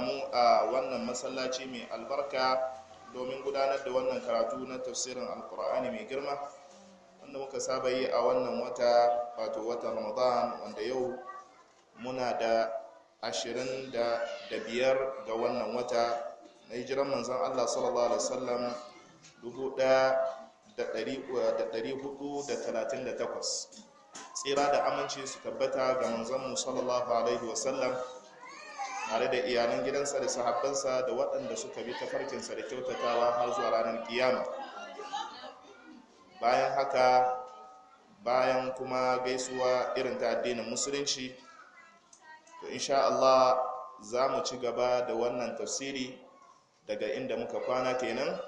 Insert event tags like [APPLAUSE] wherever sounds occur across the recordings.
Amu a wannan masallaci mai albarka domin gudanar da wannan karatu na tafsirin alkur'ani mai girma wanda muka saba yi a wannan wata wato watan ramadan wanda yau muna da ashirin da biyar ga wannan wata na hijiran manzan allah sallallahu alaihi wasallam dubu ɗaya da ɗari hudu da talatin da takwas tsira da aminci su tabbata ga manzanmu sallallahu alaihi wasallam tare da iyalan gidansa da sahabbansa da waɗanda suka bi tafarkinsa da kyautatawa har zuwa ranar kiyama bayan haka bayan kuma gaisuwa irin ta addinin musulunci to insha Allah za mu ci gaba da wannan tafsiri daga inda muka kwana kenan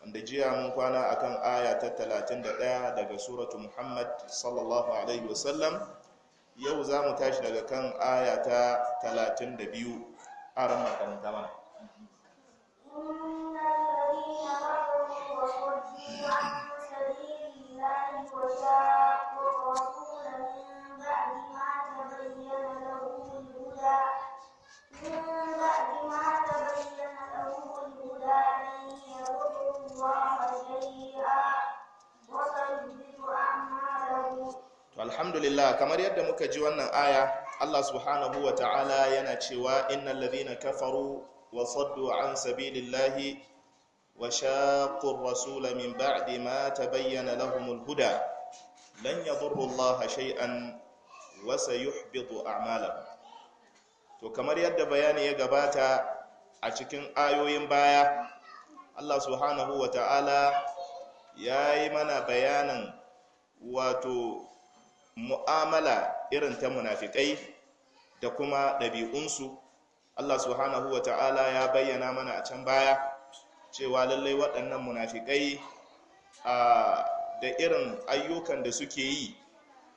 wanda jiya mun kwana akan aya ta 31 daga suratu Muhammad sallallahu alaihi wasallam yau za mu tashi daga kan aya ta 32 a ramar karanta mana Thank you. alhamdulillah kamar yadda muka ji wannan aya Allah subhanahu wa ta'ala yana cewa innal ladhina kafaru wa saddu an sabilillahi wa shaqqu ar-rasula min ba'di ma tabayyana lahumul huda lan yadurru wasa shay'an wa sayuhbitu a'malahum to kamar yadda bayani ya gabata a cikin ayoyin baya Allah subhanahu wa ta'ala ya yi mana bayanin wato mu'amala irin ta munafikai da kuma ɗabi'unsu Allah subhanahu wa ta'ala ya bayyana mana a can baya cewa lallai waɗannan munafikai da irin ayyukan da suke yi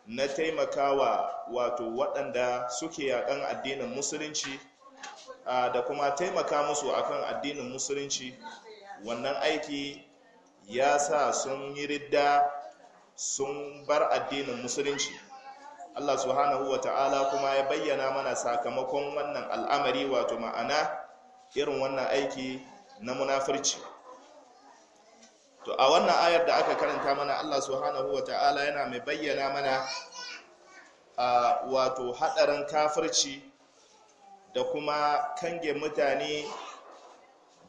na taimakawa wato waɗanda suke yaƙan addinin musulunci da kuma taimaka musu akan addinin musulunci wannan aiki ya sa sun yi ridda sun bar addinin musulunci Allah subhanahu wa ta'ala kuma ya bayyana mana sakamakon wannan al'amari wato ma'ana irin wannan aiki na munafurci to a wannan ayar da aka karanta mana Allah subhanahu wa ta'ala yana mai bayyana mana a wato hadarin kafirci da kuma kange mutane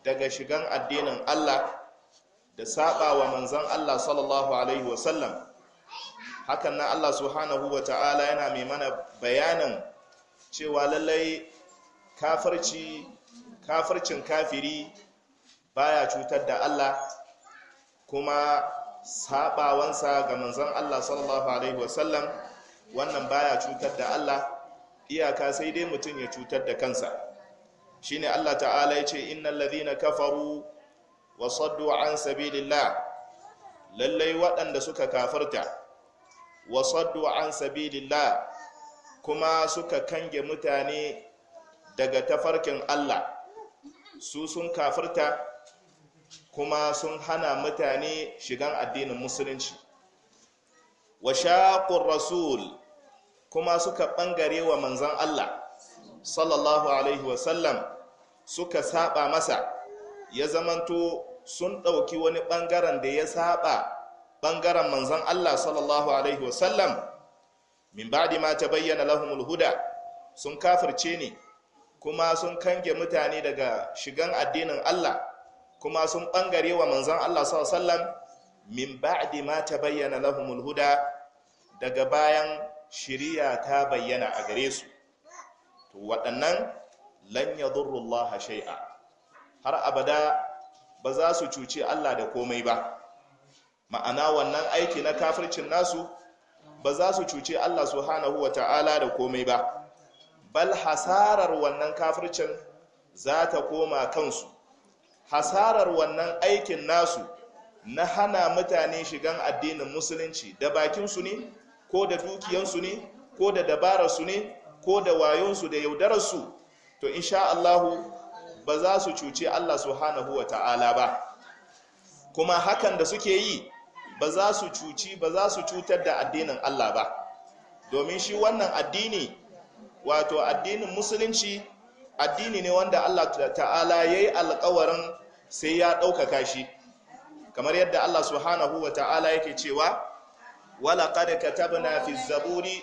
daga shigan addinin Allah da saba wa manzon Allah sallallahu alaihi wasallam hakan na Allah subhanahu wa ta'ala yana mai mana bayanin cewa lallai kafirci kafircin kafiri baya cutar da Allah kuma sabawansa ga manzan Allah sallallahu alaihi wasallam wannan baya cutar da Allah iyaka sai dai mutum ya cutar da kansa shine Allah ta'ala ya ce innal ladhina kafaru wa saddu an sabilillah lallai waɗanda suka kafarta wa saddu an sabilillah kuma suka kange mutane daga tafarkin Allah su sun kafarta kuma sun hana mutane shigan addinin musulunci wa shaqur rasul kuma suka bangare wa manzon Allah sallallahu alaihi sallam suka saba masa ya zamanto sun ɗauki wani ɓangaren da ya saba ɓangaren manzan Allah sallallahu alaihi wasallam min ba ma bayyana lahumul huda sun kafirce ne kuma sun kange mutane daga shigan addinin Allah kuma sun ɓangare wa manzan Allah sallallahu min ba'di ma bayyana lahumul huda daga bayan shiriya ta bayyana a gare su waɗannan lan yadurrullaha shai'a har abada ba za su cuci Allah da komai ba ma'ana wannan aiki na kafircin nasu ba za su cuci Allah subhanahu wa ta'ala da komai ba bal hasarar wannan kafircin za ta koma kansu hasarar wannan aikin nasu na hana mutane shigan addinin musulunci da bakinsu ne ko da dukiyansu ne ko da dabararsu ne ko da wayonsu da yaudararsu to insha Allahu ba za su cuci Allah subhanahu wa ta'ala ba kuma hakan da suke yi ba za su cuci ba za su cutar da addinin Allah ba domin shi wannan addini wato addinin musulunci addini ne wanda Allah ta'ala ya yi alkawarin sai ya ɗaukaka shi kamar yadda Allah subhanahu wa ta'ala yake cewa wala qad katabna fi zaburi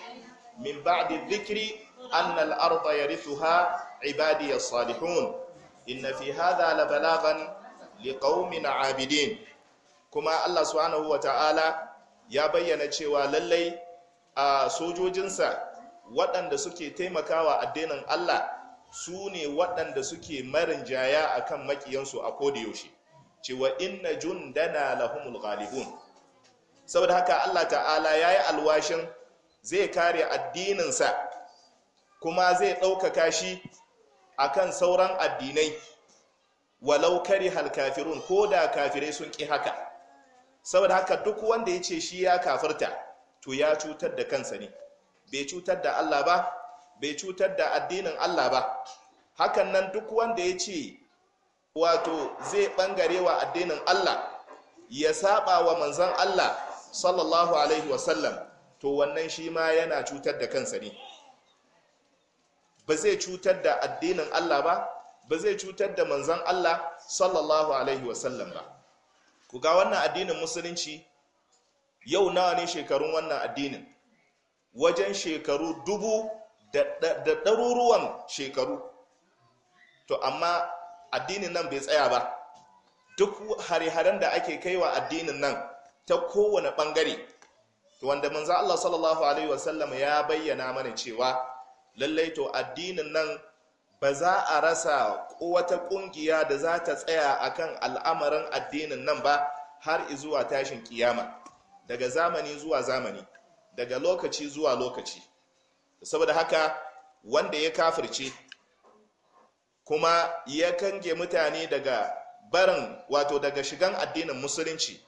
min ba'di dhikri annal al-ardha yarithuha ibadiy salihun inna fi hadha la balagan qaumin abidin kuma Allah subhanahu ta'ala ya bayyana cewa lallai a sojojinsa waɗanda suke taimakawa addinin Allah su ne waɗanda suke marin jaya akan makiyansu a yaushe. cewa inna jundana lahumul ghalibun saboda haka Allah ta'ala ya yi alwashin zai kare addininsa kuma zai ɗaukaka shi akan sauran addinai walau kari halkafirun ko da kafirai sun ƙi haka saboda haka duk wanda ya ce shi ya kafirta to ya cutar da kansa ne bai cutar da Allah ba bai cutar da addinin Allah ba hakan nan duk wanda ya ce wato zai bangare wa addinin Allah ya saba wa manzan Allah sallallahu alaihi wasallam to wannan shi ma yana cutar da kansa ne ba zai cutar da addinin Allah ba ba zai cutar da manzan Allah sallallahu alaihi wasallam ba ku ga wannan addinin musulunci yau nawa ne shekarun wannan addinin wajen shekaru dubu da ɗaruruwan shekaru to amma addinin nan bai tsaya ba duk hare-haren da ake kaiwa addinin nan ta kowane ɓangare wanda manzan Allah sallallahu alaihi wasallam ya bayyana mana cewa lallai to addinin nan ba za a rasa wata kungiya da za ta tsaya akan al'amarin addinin nan ba har zuwa tashin kiyama daga zamani zuwa zamani daga lokaci zuwa lokaci saboda haka wanda ya kafirce kuma ya kange mutane daga barin wato daga shigan addinin musulunci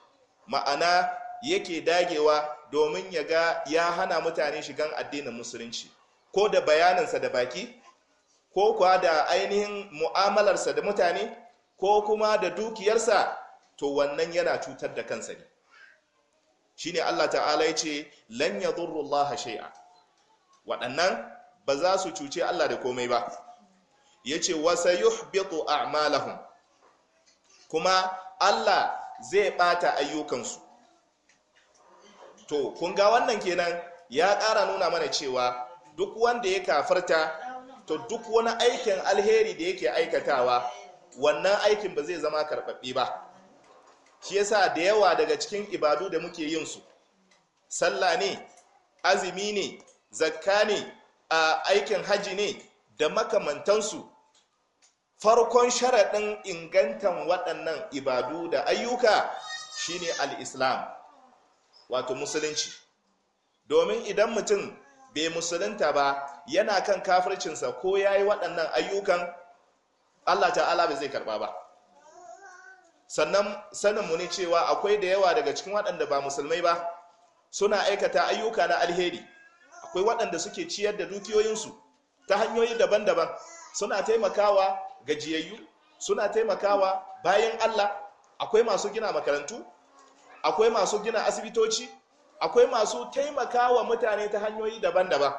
ma'ana yake dagewa domin ya ga ya hana mutane shigan addinin musulunci ko da bayaninsa da baki ko kuwa da ainihin mu'amalarsa da mutane ko kuma da dukiyarsa to wannan yana cutar da kansa ne shine Allah ta'ala ya ce lanya yadurru shai'a. waɗannan ba za su cuce Allah da komai ba Ya ce, yace a a'malahum kuma Allah zai ɓata ayyukansu to kun ga wannan kenan ya ƙara nuna mana cewa duk wanda ya kafarta to duk wani aikin alheri da yake aikatawa wannan aikin ba zai zama karɓaɓɓe ba shi yasa da yawa daga cikin ibadu da muke yin su sallah ne azumi ne zakka ne a aikin haji ne da makamantansu farkon sharaɗin ingantan waɗannan ibadu da ayyuka shine al-islam wato musulunci domin idan mutum bai musulunta ba yana kan kafircinsa ko ya yi waɗannan ayyukan allah ta'ala bai zai karɓa ba sannan saninmu ne cewa akwai da yawa daga cikin waɗanda ba musulmai ba suna aikata ayyuka na alheri akwai waɗanda suke ciyar da dukiyoyinsu ta hanyoyi daban-daban suna taimakawa gajiyayyu suna taimakawa bayan allah akwai masu gina makarantu akwai masu gina asibitoci akwai masu taimaka wa mutane ta hanyoyi daban-daban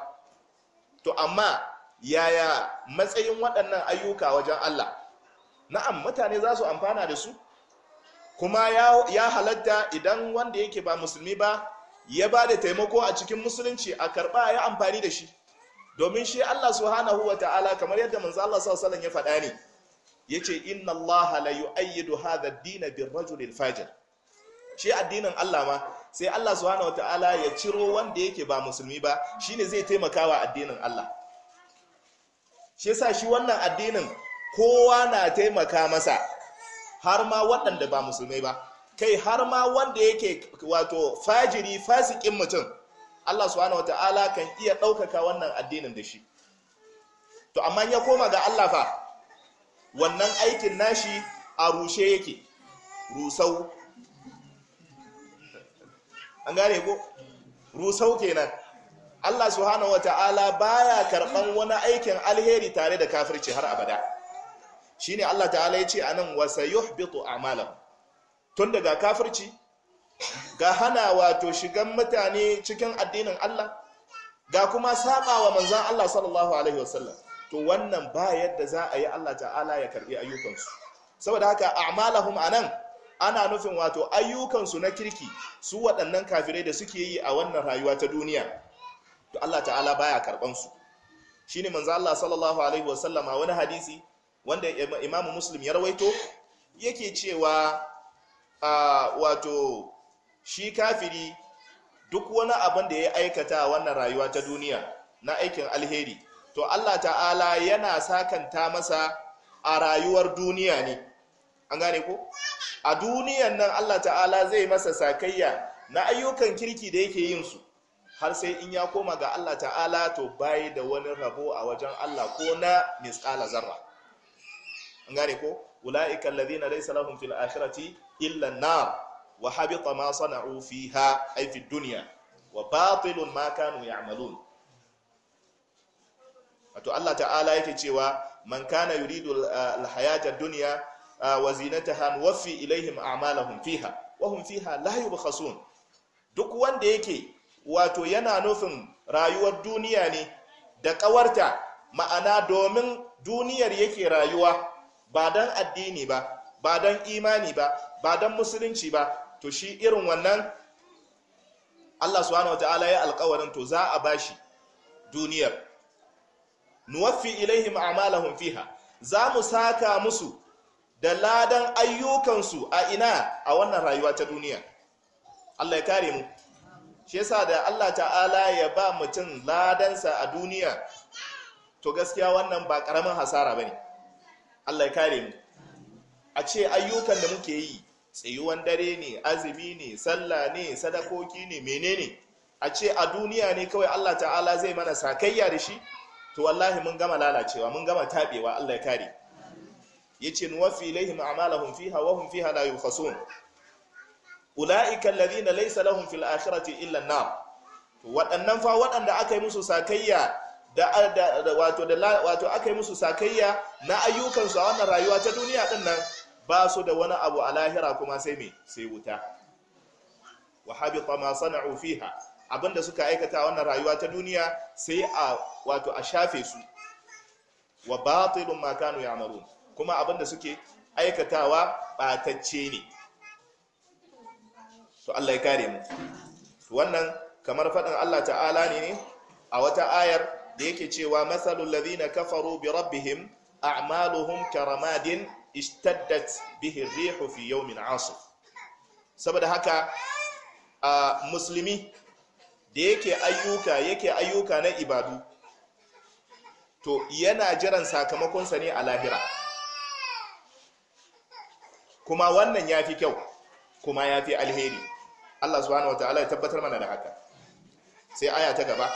to amma yaya matsayin waɗannan ayyuka wajen Allah na'am mutane za su amfana da su kuma ya halatta idan wanda yake ba musulmi ba ya ba da taimako a cikin musulunci a karɓa ya amfani da shi domin shi Allah subhanahu wa ta'ala kamar yadda manzo Allah sallallahu ya faɗa ne yace inna Allah la yu'ayyidu hadha ad-din bir rajul fajir shi addinin Allah ma sai Allah subhanahu wataala ya ciro wanda yake ba musulmi ba shine zai taimakawa addinin Allah shi yasa shi wannan addinin kowa na taimaka masa har ma waɗanda ba musulmai ba kai har ma wanda yake wato fajiri fasikin mutum Allah subhanahu wataala kan iya ɗaukaka wannan addinin da shi to amma ya koma ga Allah fa wannan aikin nashi a rushe yake rusau an gane ko rusau kenan Allah subhanahu wata'ala baya karɓan wani aikin alheri tare da kafirci har abada shine Allah ta'ala ya ce anan wa sayuhbitu a'malahum tun daga kafirci ga hana wato shigan mutane cikin addinin Allah ga kuma saba wa manzon Allah sallallahu alaihi wasallam to wannan ba yadda za a yi Allah ta'ala ya karɓi ayyukansu saboda haka a nan. ana nufin wato ayyukansu na kirki su waɗannan kafirai da suke yi a wannan rayuwa ta duniya to Allah ta'ala baya karban su ne manzo Allah sallallahu alaihi wasallam a wani hadisi wanda Imam Muslim ya rawaito yake cewa a wato shi kafiri duk wani abin da ya aikata a wannan rayuwa ta duniya na aikin alheri to Allah ta'ala yana sakanta masa a rayuwar duniya ne an gane ko a duniyan nan Allah ta'ala zai masa sakayya na ayyukan kirki da yake yin su har sai in ya koma ga Allah ta'ala to bai da wani rabo a wajen Allah ko na misqala zarra an gane ko ulaiikal ladina laysa lahum fil akhirati illa an-nar wa habita ma sana'u fiha ay fid dunya wa batilun ma kanu ya'malun wato Allah ta'ala yake cewa man kana yuridu al-hayata ad-dunya wa zinataha nuwaffi ilaihim a'malahum fiha wa hum fiha la duk wanda yake wato yana nufin rayuwar duniya ne da ƙawarta ma'ana domin duniyar yake rayuwa ba dan addini ba ba dan imani ba ba dan musulunci ba to shi irin wannan Allah subhanahu wataala ya alƙawarin to za a bashi duniyar nuwaffi ilaihim a'malahum fiha za mu saka musu da ladan ayyukansu a ina a wannan rayuwa ta duniya Allah ya kare mu shi yasa da Allah ta'ala ya ba mutum ladansa a duniya to gaskiya wannan ba karamin hasara bane Allah ya kare mu a ce ayyukan da muke yi tsayuwan dare ne azumi ne sallah ne sadakoki ne menene a ce a duniya ne kawai Allah ta'ala zai mana sakayya da shi to wallahi mun gama lalacewa mun gama tabewa Allah ya kare yace nuwaffi ilaihim a'malahum fiha wa hum fiha la yukhasun ulaika alladhina laysa lahum fil akhirati illa an-nar waɗannan fa waɗanda aka yi musu sakayya da, wato da wato aka yi musu sakayya na ayyukansu a wannan rayuwa ta duniya din nan ba su da wani abu a lahira kuma sai me sai wuta wa habita ma sana'u fiha abinda suka aikata a wannan rayuwa ta duniya sai a wato a shafe su wa batilun ma kanu ya'malun kuma abin da suke aikatawa batacce ne to Allah ya kare mu wannan kamar faɗin Allah ta'ala ne ne a wata ayar da yake cewa matsalul ladhina kafaru bi rabbihim a'maluhum karamadin ishtaddat bihi rihu fi yawmin asif saboda haka a musulmi da yake ayyuka yake ayyuka na ibadu to yana jiran sakamakonsa ne a lahira kuma wannan ya fi kyau kuma ya fi alheri Allah subhanahu Ta'ala ya tabbatar mana da haka sai aya ta gaba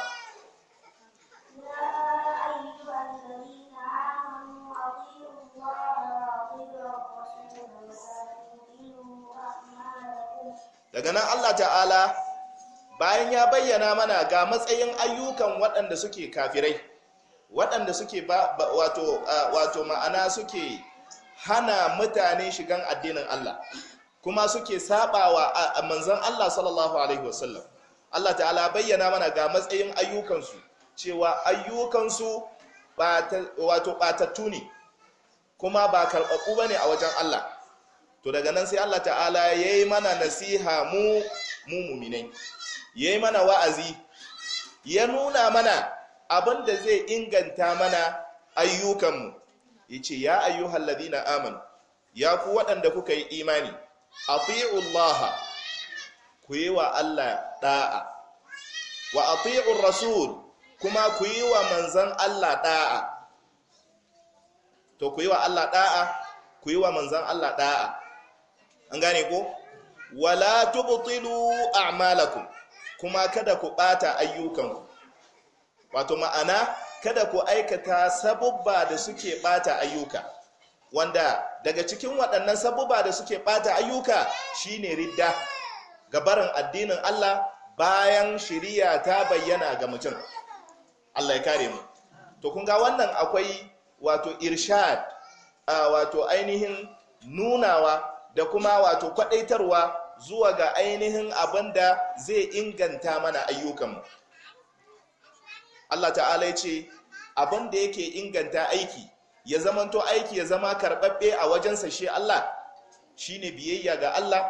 daga nan Allah ta'ala bayan ya bayyana mana ga matsayin ayyukan waɗanda suke kafirai waɗanda suke ba wato ma'ana suke hana mutane shigan addinin Allah kuma suke sabawa a manzon Allah sallallahu alaihi wasallam Allah ta'ala bayyana mana ga matsayin ayyukansu cewa ayyukansu wato batattu ne kuma ba karɓaɓɓu ba ne a wajen Allah to daga nan sai Allah ta'ala ya yi mana nasiha mu mu muminai ya yi mana wa'azi ya nuna mana abin da zai inganta mana ayyukanmu yace ya ayyuhal ladina amanu ya ku waɗanda kuka yi imani ati'u Allah ku yi wa Allah da'a wa ati'u rasul kuma ku yi wa manzan Allah da'a to ku yi wa Allah da'a ku yi wa manzan Allah da'a an gane ko wala tubtilu a'malakum kuma kada ku bata ayyukanku wato ma'ana kada ku aikata sabubba da suke bata ayyuka wanda daga cikin waɗannan sabubba da suke bata ayyuka shine ridda gabarin addinin Allah bayan shiriya ta bayyana ga mutum Allah ya kare mu to kun ga wannan akwai wato irshad a wato ainihin nunawa da kuma wato kwadaitarwa zuwa ga ainihin abin zai inganta mana ayyukanmu Allah ta'ala ya ce abin da yake inganta aiki ya zamanto aiki ya zama karɓaɓɓe a wajensa shi Allah shine biyayya ga Allah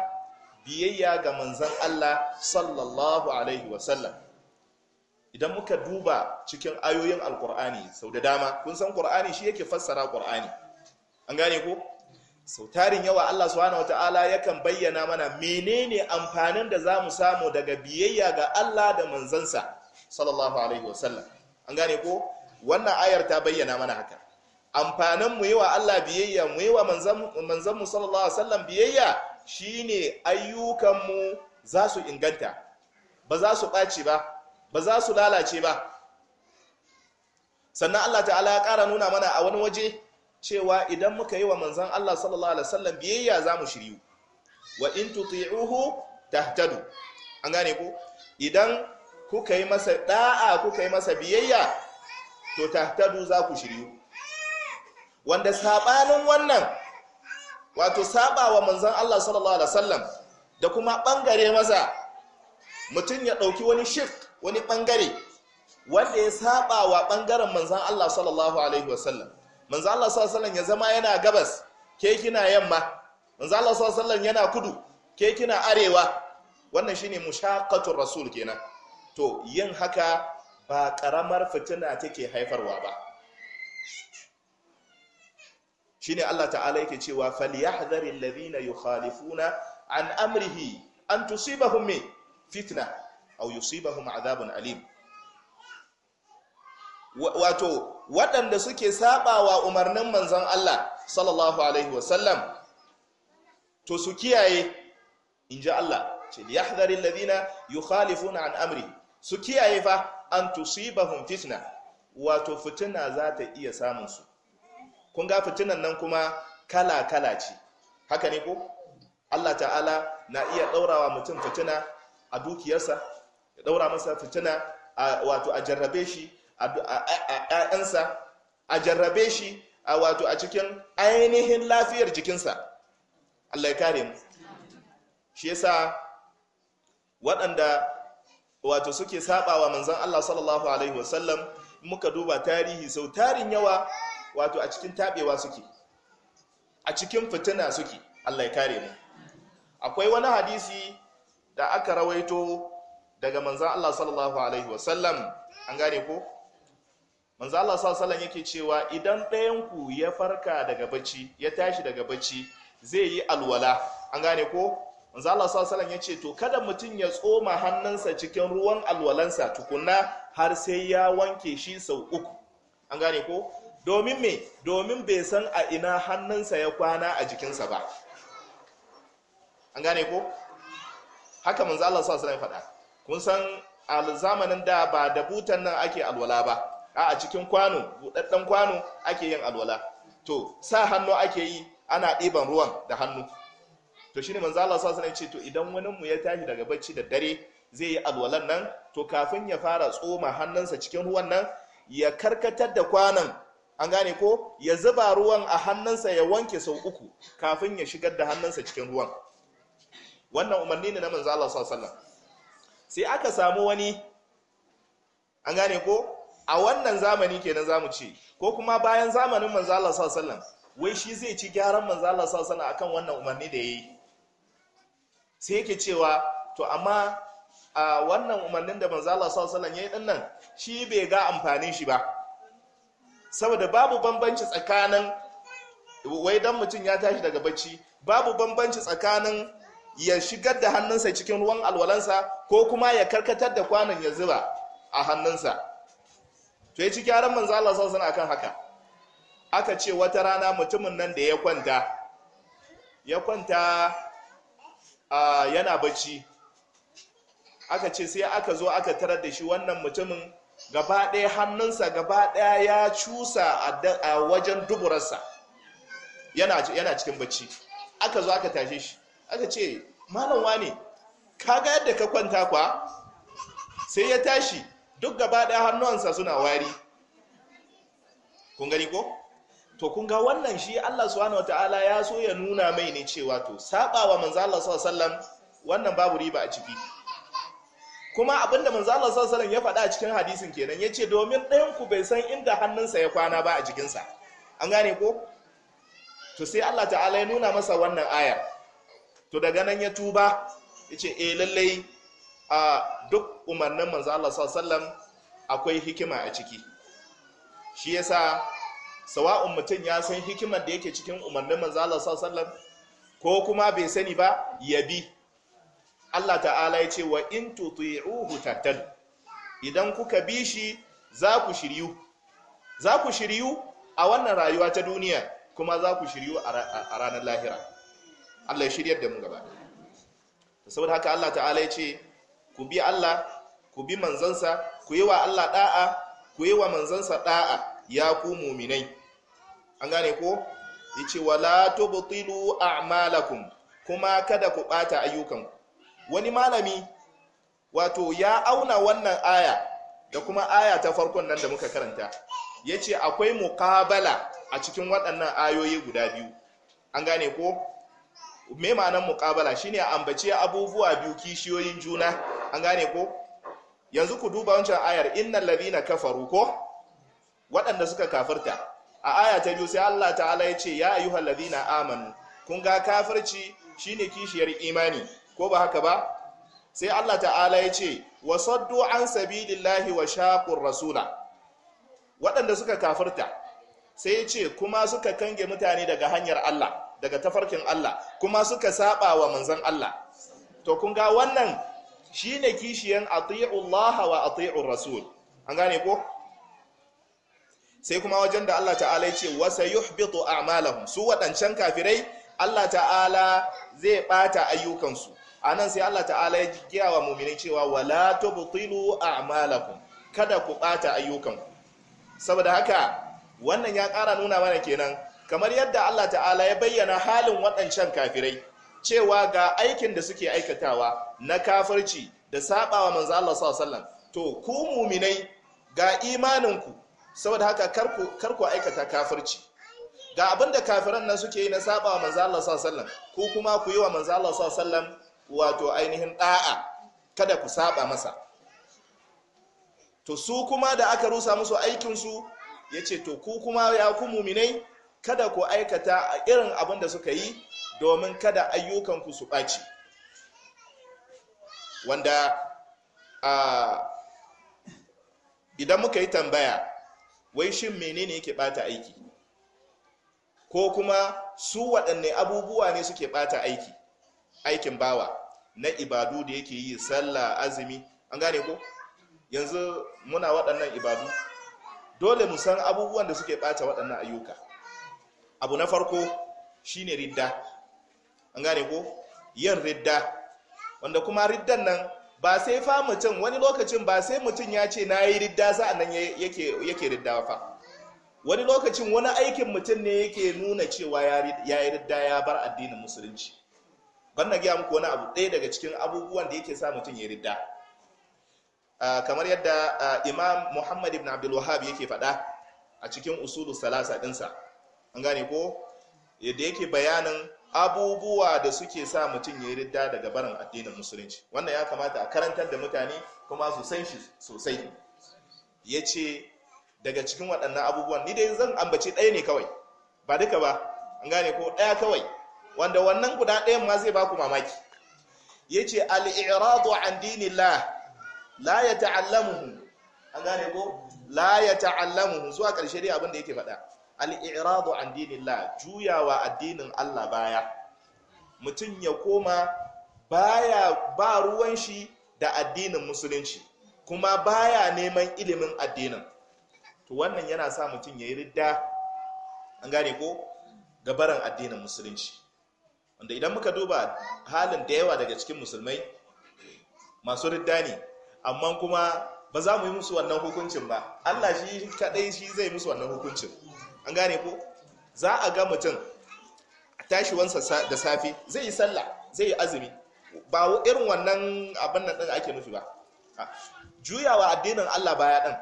biyayya ga manzan Allah sallallahu alaihi wasallam idan muka duba cikin ayoyin alkur'ani sau da dama kun san kur'ani shi yake fassara kur'ani an gane ko sau tarin yawa Allah subhanahu wata'ala yakan bayyana mana menene amfanin da zamu samu daga biyayya ga Allah da manzansa sallallahu alaihi wasallam an gane ko wannan ayar ta bayyana mana haka amfanin mu yi wa Allah biyayya mu yi wa mu sallallahu alaihi wasallam biyayya shine ayyukan mu za su inganta ba za su ɓaci ba ba za su lalace ba sannan Allah ta'ala ya ƙara nuna mana a wani waje cewa idan muka yi wa manzan Allah sallallahu alaihi wasallam biyayya za mu shiryu wa in tuti'uhu tahtadu an gane ko idan kuka yi masa da'a kuka yi masa biyayya to tahtadu za ku shiryu wanda sabanin wannan wato saba wa manzan Allah sallallahu alaihi wasallam da kuma bangare masa mutum ya dauki wani shirk wani bangare wanda ya saba wa bangaren manzan Allah sallallahu alaihi wasallam manzan Allah sallallahu alaihi wasallam ya zama yana gabas ke kina yamma manzan Allah sallallahu alaihi wasallam yana kudu ke kina arewa wannan shine mushaqatul rasul kenan to yin haka ba ƙaramar fitina take haifarwa ba shine Allah ta'ala yake cewa falyahdhari alladhina yukhalifuna an amrihi an tusibahum min fitna aw yusibahum adhabun alim wato waɗanda suke sabawa umarnin manzon Allah sallallahu alaihi wasallam to su kiyaye inji Allah ce liyahdhari alladhina yukhalifuna an amrihi su kiyaye fa an tusibahum fitna wato fitina za ta iya samun su kun ga fitinan nan kuma kala kala ce haka ne ko Allah ta'ala na iya daurawa mutum fitina a dukiyarsa ya daura masa fitina wato a jarrabe shi a ƴaƴansa a jarrabe shi a wato a cikin ainihin lafiyar jikinsa Allah ya kare mu shi yasa waɗanda wato suke sabawa manzon Allah sallallahu alaihi wasallam muka duba tarihi sau tarin yawa wato a cikin tabewa suke a cikin fitina suke Allah ya kare mu akwai wani hadisi da aka rawaito daga manzan Allah sallallahu alaihi wasallam an gane ko manzan Allah sallallahu alaihi yake cewa idan ɗayan ku ya farka daga bacci ya tashi daga bacci zai yi alwala an gane ko manzo Allah sallallahu alaihi ce to kada mutum ya tsoma hannunsa cikin ruwan alwalansa tukunna har sai ya wanke shi sau uku an gane ko domin me domin bai san a ina hannunsa ya kwana a jikinsa ba an gane ko haka manzo Allah sallallahu alaihi faɗa kun san al zamanin da ba da butan nan ake alwala ba a cikin kwano budaddan kwano ake yin alwala to sa hannu ake yi ana ɗiban ruwan da hannu to shine manzo Allah sallallahu alaihi wasallam ce to idan wani mu ya tashi daga bacci da dare zai yi alwalan nan to kafin ya fara tsoma hannunsa cikin ruwan nan ya karkatar da kwanan an gane ko ya zuba ruwan a hannunsa ya wanke sau uku kafin ya shigar da hannunsa cikin ruwan wannan umarni ne na manzo Allah sallallahu alaihi wasallam sai aka samu wani an gane ko a wannan zamani kenan zamu ce ko kuma bayan zamanin manzo Allah sallallahu alaihi wasallam wai shi zai ci gyaran manzo Allah sallallahu alaihi wasallam akan wannan umarni da yayi sai yake cewa to amma a wannan umarnin da manzo Allah sallallahu alaihi wasallam yayi shi bai ga amfanin shi ba saboda babu bambanci tsakanin wai dan mutum ya tashi daga bacci babu bambanci tsakanin ya shigar da hannunsa cikin ruwan alwalansa ko kuma ya karkatar da kwanon ya zuba a hannunsa to ya ci gyaran manzo Allah sallallahu alaihi akan haka aka ce wata rana mutumin nan da ya kwanta ya kwanta yana bacci aka ce sai aka zo aka tarar da shi wannan mutumin gaba ɗaya hannunsa gaba ɗaya ya cusa a wajen duburarsa yana cikin bacci aka zo aka tashe shi aka ce malam ne kaga yadda ka kwanta kwa sai ya tashi duk gaba ɗaya hannunsa suna wari kun gani ko to kun ga wannan shi Allah subhanahu wataala ya so ya nuna mai ne cewa to sabawa manzo Allah sallallahu alaihi wasallam wannan babu riba a ciki kuma abinda manzo Allah sallallahu alaihi wasallam ya faɗa a cikin hadisin kenan yace domin ɗayan ku bai san inda hannunsa ya kwana ba a jikinsa an gane ko to sai Allah ta'ala ya nuna masa wannan ayar to daga nan ya tuba yace eh lallai a duk umarnin manzo Allah sallallahu alaihi wasallam akwai hikima a ciki shi yasa sawa'un mutum ya san hikimar da yake cikin umarnin manzo Allah ko kuma bai sani ba ya bi Allah ta'ala ya ce wa in tuti'uhu tattal. idan kuka bi shi za ku shiryu za ku shiryu a wannan rayuwa ta duniya kuma za ku shiryu a ranar lahira Allah ya shiryar da mu gaba saboda haka Allah ta'ala ya ce ku bi Allah ku bi manzansa ku yi wa Allah da'a ku yi wa manzansa da'a ya ku muminai an gane ko yace wala tubtilu a'malakum kuma kada ku bata ayyukanku wani malami wato ya auna wannan aya da kuma aya ta farkon nan da muka karanta yace akwai muqabala a cikin waɗannan ayoyi guda biyu an gane ko me ma'anar muqabala shine ambace abubuwa biyu kishiyoyin juna an gane ko yanzu ku duba wancan ayar innal ladina kafaru ko waɗanda suka kafirta a aya ta biyu sai Allah ta'ala ya ce ya ayyuhal ladina amanu kun ga kafirci shine kishiyar imani ko ba haka ba sai Allah ta'ala ya ce wa an sabilillahi wa shaqur rasula waɗanda suka kafirta sai ya ce kuma suka kange mutane daga hanyar Allah daga tafarkin Allah kuma suka saba wa manzon Allah to kun ga wannan shine kishiyan ati'u wa ati'u rasul an gane ko sai kuma wajen da Allah ta'ala ya ce wasa yuhbitu a'malahum su wadancan kafirai Allah ta'ala zai ɓata ayyukansu a nan sai Allah ta'ala ya giya wa muminai cewa wala tubtilu a'malakum kada ku ɓata ayyukanku saboda haka wannan ya kara nuna mana kenan kamar yadda Allah ta'ala ya bayyana halin wadancan kafirai cewa ga aikin da suke aikatawa na kafirci da saɓawa manzo Allah sallallahu alaihi wasallam to ku muminai ga imaninku saboda haka karku aikata kafirci ga abinda da kafiran nan suke yi na saba wa manzo Allah ku kuma ku yi wa manzo Allah wato ainihin da'a kada ku saba masa to su kuma da aka rusa musu aikin su yace to ku kuma ya ku muminai kada ku aikata a irin abin da suka yi domin kada ayyukanku su ɓaci wanda idan muka yi tambaya wai shin menene yake bata aiki ko kuma su waɗanne abubuwa ne suke bata aiki aikin bawa na ibadu da yake yi sallah azumi an gane ko yanzu muna waɗannan ibadu dole mu san abubuwan da suke bata waɗannan ayyuka abu na farko shine ridda an gane ko yin ridda wanda kuma riddan nan ba sai fa mutum wani lokacin ba sai mutum ya ce na yi ridda sa'annan yake ridda fa wani lokacin wani aikin mutum ne yake nuna cewa ya yi ridda ya bar addinin musulunci ban na gaya muku wani abu ɗaya daga cikin abubuwan da yake sa mutum ya ridda kamar yadda imam muhammad ibn abdul wahab yake faɗa a cikin usulu salasa ɗinsa an gane ko yadda yake bayanin abubuwa da suke sa mutum ya yi ridda daga barin addinin musulunci wannan ya kamata a karantar da mutane kuma su san shi sosai ya ce daga cikin waɗannan abubuwan ni dai zan ambaci ɗaya ne kawai ba duka ba an gane ko ɗaya kawai wanda wannan guda ɗayan ma zai baku mamaki ya ce al'iradu an dinillah la ya ta'allamuhu an gane ko la ya ta'allamuhu zuwa ƙarshe dai abin da yake faɗa al-i'radu an dinillah juyawa addinin Allah baya mutum ya koma baya ba ruwan shi da addinin musulunci kuma baya neman ilimin addinin to wannan yana sa mutum ya yi ridda an gane ko gabaran addinin musulunci wanda idan muka duba halin da yawa daga cikin musulmai masu ridda ne amma kuma ba za mu yi musu wannan hukuncin ba allah shi kadai shi zai musu wannan hukuncin an gane ko za a ga mutum tashiwansa da safe zai yi sallah zai yi azumi ba irin wannan abin nan din ake nufi ba juyawa addinin Allah baya din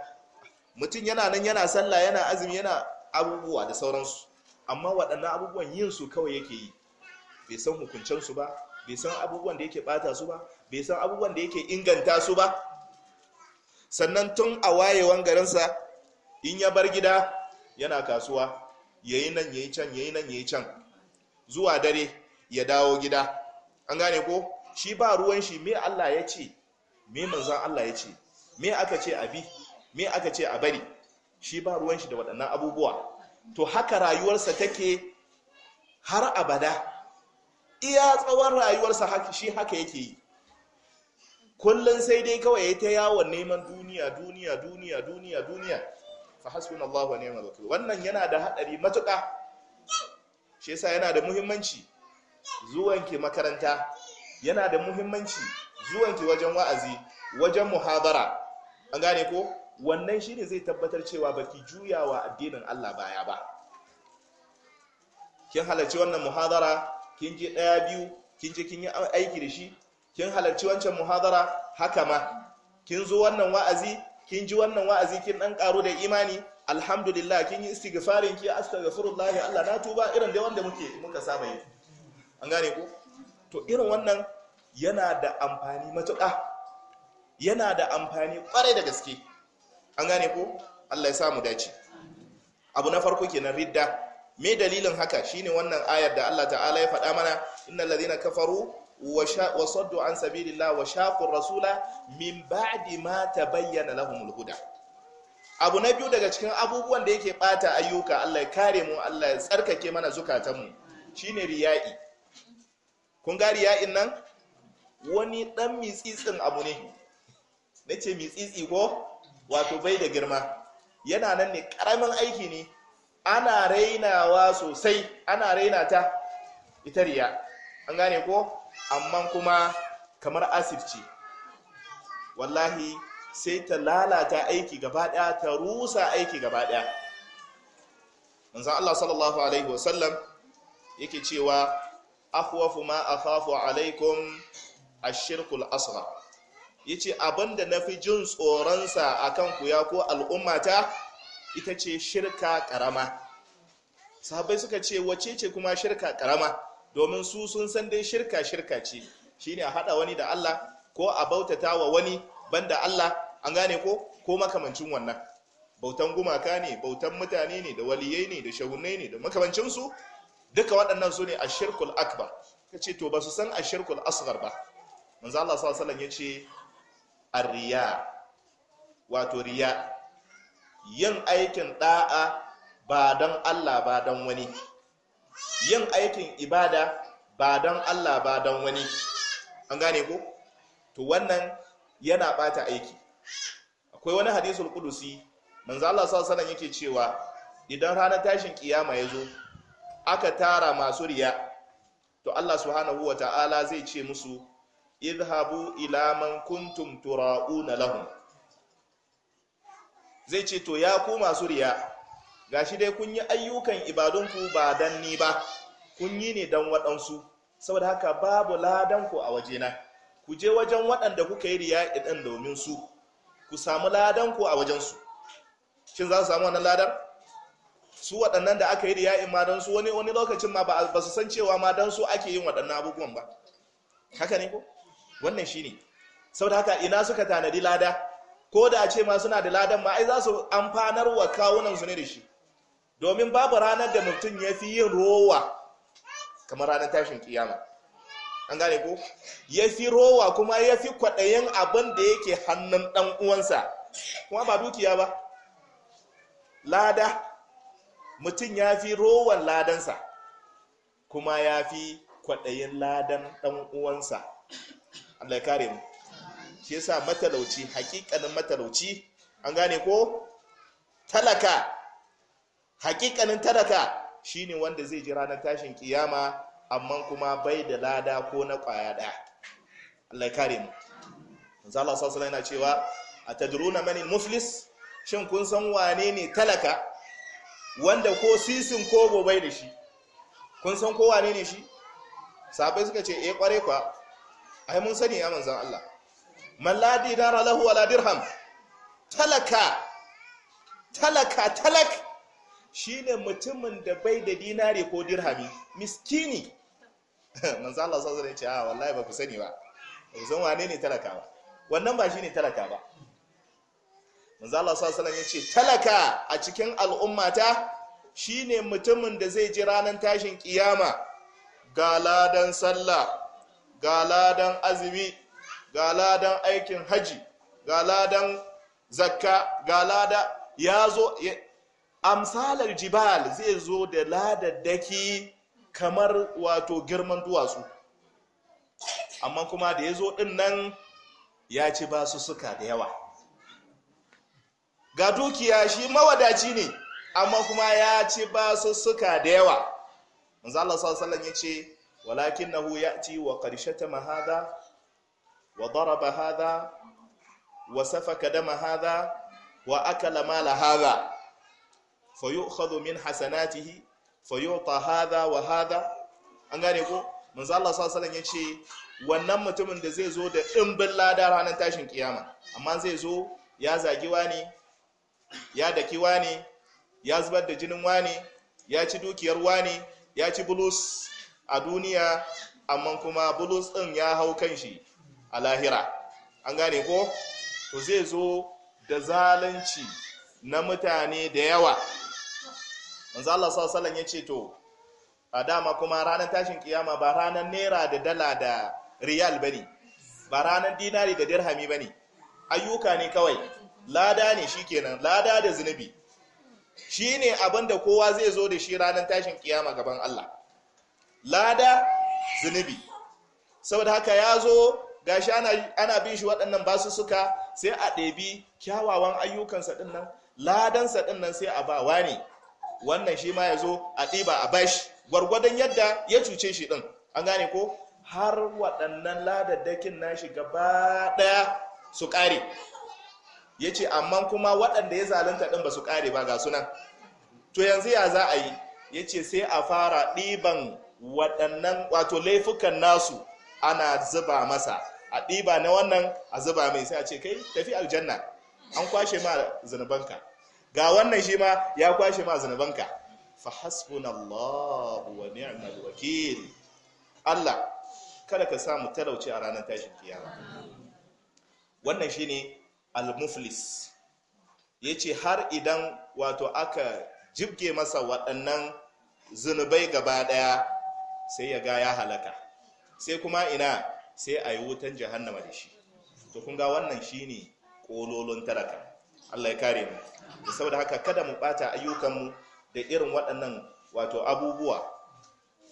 mutum yana nan yana sallah yana azumi yana abubuwa da sauransu amma waɗannan abubuwan yin su kawai yake yi bai san hukuncen su ba bai san abubuwan da yake bata su ba bai san abubuwan da yake inganta su ba sannan tun a wayewan garinsa in ya bar gida yana kasuwa yayi nan yayi can yayi nan yayi can zuwa dare ya dawo gida an gane ko shi ba ruwan shi me Allah ya ce me manzan Allah ya ce me aka ce abi me aka ce a bari shi ba ruwan shi da waɗannan abubuwa to haka rayuwarsa take har abada iya tsawon rayuwarsa shi haka yake yi kullum sai dai kawai ya ta yawon neman duniya duniya duniya duniya duniya fa hasbunallahu wa ni'mal wakil wannan yana da hadari matuka shi yasa yana da muhimmanci zuwanki makaranta yana da muhimmanci zuwanki wajen wa'azi wajen muhadara an gane ko wannan shine zai tabbatar cewa baki juyawa addinin Allah baya ba kin halarci wannan muhadara kin je daya biyu kin je kin yi aiki da shi kin halarci wancan muhadara haka ma kin zo wannan wa'azi kin ji wannan wa'azi kin dan karo da imani alhamdulillah kin yi istighfarin ki astaghfirullah Allah na tuba irin da wanda muke muka saba yi an gane ko to irin wannan yana da amfani matuƙa yana da amfani ƙwarai da gaske an gane ko Allah ya samu dace abu na farko kenan ridda me dalilin haka shine wannan ayar da Allah ta'ala ya faɗa mana innal ladina kafaru wa an wa shaqur rasula min ba'di ma tabayyana lahumul huda abu na biyu daga cikin abubuwan da yake bata ayyuka Allah ya kare mu Allah ya tsarkake mana zukatanmu shine riya'i kun ga riya'in nan wani dan mitsitsin abu ne nace mitsitsi ko wato bai da girma yana nan ne karamin aiki ne ana rainawa sosai ana raina ta ita riya an gane ko amma kuma kamar asif ce wallahi sai ta lalata aiki gaba ta rusa aiki gabaɗaya. daya Allah sallallahu alaihi wasallam yake cewa akhwafu ma akhafu alaikum ashirkul Ya ce abinda na fi jin tsoronsa sa akan kuya ko al'ummata ita ce shirka ƙarama. Sahabai suka ce wace ce kuma shirka ƙarama? domin su sun san dai shirka shirka ce shine a haɗa wani da Allah ko a bautata wa wani banda Allah an gane ko ko makamancin wannan bautan gumaka ne bautan mutane ne da waliyai ne da shahunai ne da makamancinsu duka waɗannan su ne a shirkul akbar ka ce to ba su san a shirkul asgar ba manzo Allah sallallahu ya ce arriya wato riya yin aikin da'a ba don Allah ba don wani yin aikin ibada ba don Allah ba don wani an gane ko to wannan yana bata aiki akwai wani hadisul kudusi manzo Allah sallallahu alaihi yake cewa idan ranar tashin kiyama ya zo aka tara masu riya to Allah subhanahu wa zai ce musu idhabu ila man kuntum tura'una lahum zai ce to ya ku masu riya gashi dai kun yi ayyukan ibadunku ba dan ni ba kun yi ne dan waɗansu saboda haka babu ladanku a wajena ku je wajen waɗanda kuka yi riya idan domin su ku samu ladanku a wajensu shin za su samu wannan ladan su waɗannan da aka yi riya ma don su wani wani lokacin ma ba su san cewa ma don su ake yin waɗannan abubuwan ba haka ne ko wannan shine saboda haka ina suka tanadi lada ko da a ce ma suna da ladan ma ai za su amfanar wa kawunan su ne da shi domin babu ranar da mutum ya fi yin rowa kamar ranar tashin kiyama an gane ko ya fi rowa kuma ya fi kwaɗayin abin da yake hannun ɗan uwansa kuma ba dukiya ba lada mutum ya fi rowan ladansa kuma ya fi kwaɗayin ladan ɗan uwansa Allah ya kare mu shi yasa matalauci hakikanin matalauci an gane ko talaka hakikanin talaka shine wanda zai ji ranar tashin kiyama amma kuma bai da lada ko na kwaya ɗaya Allah ya kare mu manzo Allah sallallahu yana cewa atadruna manil muflis shin kun san wane ne talaka wanda ko sisin ko bai da shi kun san ko wane ne shi sabai suka ce eh kware kwa ai mun sani ya manzon Allah man la dinara lahu wala dirham talaka talaka talak shine mutumin da bai da dinari ko dirhami miskini [LAUGHS] manzo Allah sallallahu alaihi wasallam ya ce ah, wallahi ba ku sani ba ku wane ne talaka ba wannan ba shine talaka ba manzo Allah sallallahu alaihi ya ce talaka a cikin al'ummata shine mutumin da zai ji ranar tashin kiyama ga ladan sallah ga ladan azumi ga ladan aikin haji ga ladan zakka ga lada ya zo amsalar jibal zai zo da ladaddaki kamar wato girman duwatsu amma kuma da ya zo ɗin nan ya ci ba su suka da yawa ga dukiya shi mawadaci ne amma kuma ya ci ba su suka da yawa manzo Allah sallallahu ya ce walakinahu ya'ti wa qad ma hada, wa daraba hada, wa safaka dama hada, wa akala mala hada fayukhadhu min hasanatihi fayuta hadha wa hadha an gane ko manzo Allah sallallahu alaihi ya ce wannan mutumin da zai zo da dimbin lada ranar tashin kiyama amma zai zo ya zagi wani ya daki wani ya zubar da jinin wani ya ci dukiyar wani ya ci bulus a duniya amma kuma bulus din ya hau kan shi a lahira an gane ko to zai zo da zalunci na mutane da yawa manzo Allah sallallahu alaihi ya ce to a dama kuma ranar tashin kiyama ba ranar naira da dala da riyal bane ba ranar dinari da dirhami bane ayyuka ne kawai lada ne shikenan lada da zunubi shine abin da kowa zai zo da shi ranar tashin kiyama gaban Allah lada zunubi saboda haka ya zo gashi ana bin shi waɗannan basu suka sai a ɗebi kyawawan ayyukansa ɗin nan ladansa ɗin nan sai a ba ne wannan shi ma ya zo a ɗiba a bashi gwargwadon yadda ya cuce shi ɗin an gane ko har waɗannan ladadakin nashi gaba ɗaya su ƙare ya ce amma kuma waɗanda ya zalunta ɗin ba su ƙare ba ga sunan to yanzu ya za a yi ya ce sai a fara ɗiban waɗannan wato laifukan nasu ana zuba masa a ɗiba na wannan a zuba mai sai a ce kai tafi aljanna an kwashe ma zunubanka ga wannan shi ma ya kwashe ma zunubanka fa hasbunallahu wa ni'mal wakil Allah kada ka samu talauci a ranar tashin kiyama wannan shine al-muflis yace har idan wato aka jibge masa waɗannan zunubai gaba ɗaya sai ya ga ya halaka sai kuma ina sai a yi wutan jahannama da shi to kun ga wannan shine kololon talaka Allah ya kare mu saboda haka kada mu bata ayyukanmu da irin waɗannan wato abubuwa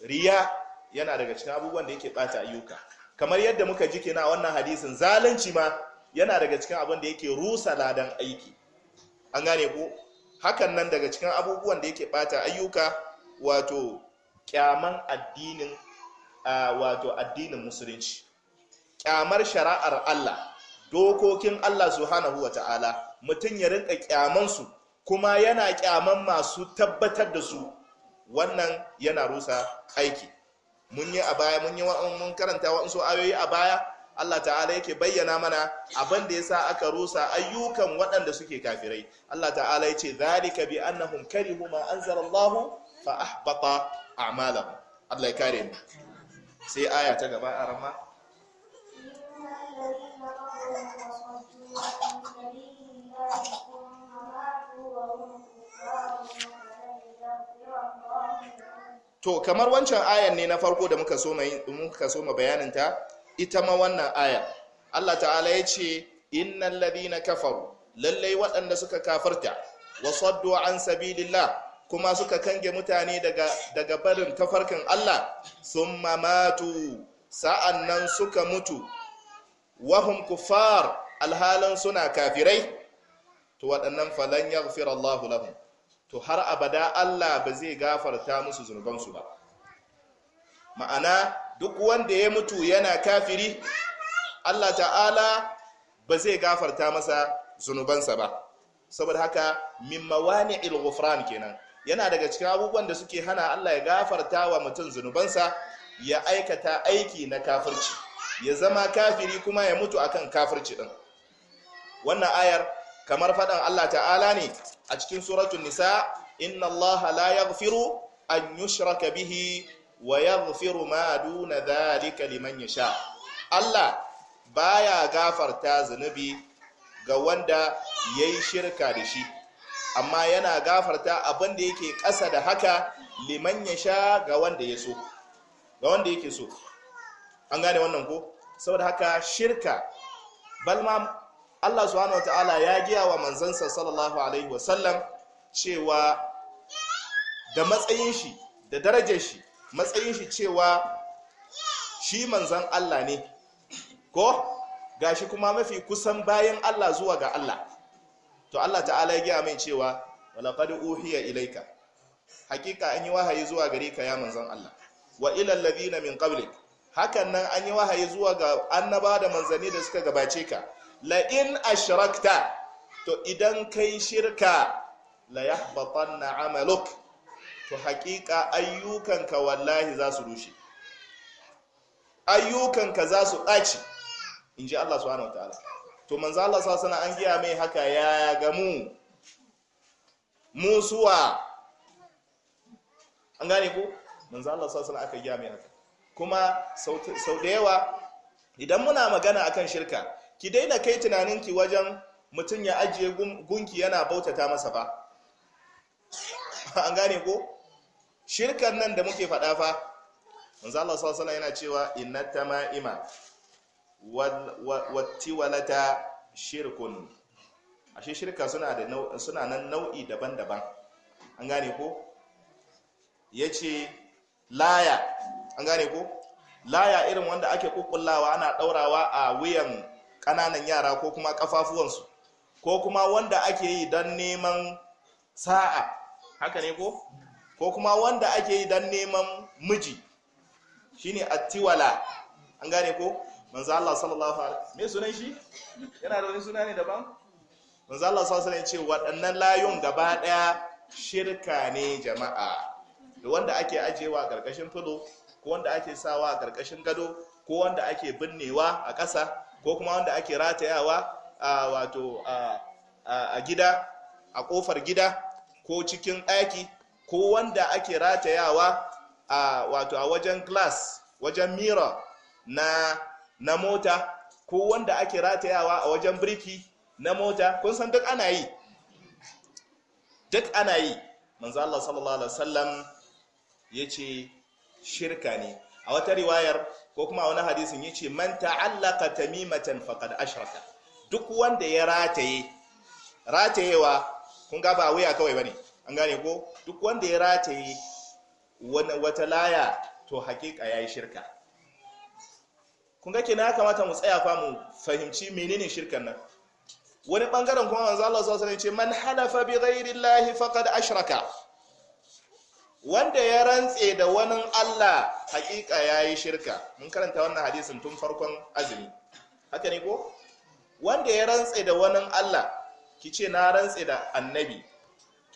riya yana daga cikin abubuwan da yake bata ayyuka kamar yadda muka ji na wannan hadisin zalunci ma yana daga cikin abin da yake rusa ladan aiki an gane ko hakan nan daga cikin abubuwan da yake bata ayyuka wato kyaman addinin wato addinin musulunci kyamar shari'ar Allah dokokin Allah subhanahu wata'ala mutum ya rinka kyamansu kuma yana kyaman masu tabbatar da su wannan yana rusa aiki mun yi a baya mun yi mun karanta waɗansu ayoyi a baya Allah ta'ala yake bayyana mana abin da yasa aka rusa ayyukan waɗanda suke kafirai Allah ta'ala yace zalika bi annahum karihu ma anzalallahu fa ahbata a'malahum Allah ya kare mu sai aya ta gaba a to kamar wancan ayan ne na farko da muka so muka so ma bayaninta ita ma wannan aya Allah ta'ala ya ce innal ladina kafaru lallai waɗanda suka kafarta wa saddu an sabilillah kuma suka kange mutane daga daga barin tafarkin Allah summa matu sa'annan suka mutu wahum kuffar alhalan suna kafirai to waɗannan ya yaghfir Allahu lahun to har abada Allah ba zai gafarta musu zunubansu ba ma'ana duk wanda ya mutu yana kafiri Allah ta'ala ba zai gafarta masa zunubansa ba saboda haka mimma wani ilgufran kenan yana daga cikin abubuwan da suke hana Allah ya gafarta wa mutum zunubansa ya aikata aiki na kafirci ya zama kafiri kuma ya mutu akan kafirci din wannan ayar kamar faɗan Allah ta'ala ne a cikin suratun nisa inna Allah la yaghfiru an yushraka bihi wa yaghfiru ma duna dhalika liman yasha Allah baya gafarta zunubi ga wanda yayi shirka da shi amma yana gafarta abin da yake ƙasa da haka liman yasha ga wanda ya so ga wanda yake so an gane wannan ko saboda haka shirka balma Allah subhanahu wataala ya giya wa manzansa sallallahu alaihi wasallam cewa da matsayin shi da darajar shi matsayin shi cewa shi manzan Allah ne ko gashi kuma mafi kusan bayan Allah zuwa ga Allah to Allah ta'ala ya giya mai cewa walaqad uhiya ilaika hakika an yi wahayi zuwa gare ka ya manzan Allah wa ilal ladina min qablik hakan nan an yi wahayi zuwa ga annaba da manzanni da suka gabace ka la'in shirakta, to idan kai shirka la yahbatanna amaluk to hakika ayyukanka wallahi za su rushe ayyukanka za su ɗaci in ji Allah subhanahu wa ta'ala to manza Allah sa sana an giya mai haka ya gamu musuwa an gane ku? Manza Allah sa sana aka giya mai haka kuma sau da yawa idan muna magana akan shirka ki daina kai tunaninki wajen mutum ya ajiye gunki yana bautata masa ba an gane ko shirkan nan da muke faɗa fa manzo Allah sallallahu alaihi yana cewa inna tama'ima wattiwalata shirkun ashe shirka suna da suna nan nau'i daban-daban an gane ko yace laya an gane ko laya irin wanda ake kukullawa ana daurawa a wuyan ƙananan yara ko kuma kafafuwansu ko kuma wanda ake yi don neman sa'a haka ne ko ko kuma wanda ake yi don neman miji shine attiwala an gane ko manzo Allah sallallahu alaihi me sunan shi yana da wani suna ne daban manzo Allah sallallahu alaihi ce waɗannan layun gaba ɗaya shirka ne jama'a da wanda ake ajewa a ƙarƙashin fulo ko wanda ake sawa a ƙarƙashin gado ko wanda ake binnewa a ƙasa ko kuma wanda ake ratayawa a wato a gida a kofar gida ko cikin ɗaki ko wanda ake ratayawa a wato a wajen glass wajen mirror na na mota ko wanda ake ratayawa a wajen birki na mota kun san duk ana yi duk ana yi manzo Allah sallallahu alaihi wasallam yace shirka ne a wata riwayar ko kuma a wani hadisin yace man ta'allaka tamimatan faqad ashraka duk wanda ya rataye ratayewa kun ga ba wuya kawai bane an gane ko duk wanda ya rataye wata laya to hakika yayi shirka kun ga kina kamata mu tsaya fa mu fahimci menene shirkan nan wani bangaren kuma manzo Allah sallallahu alaihi wasallam ce man halafa bi ghairi llahi faqad ashraka wanda ya rantse da wani Allah hakika ya yi shirka mun karanta wannan hadisin tun farkon azumi haka ne ko wanda ya rantse da wani Allah ki ce na rantse da annabi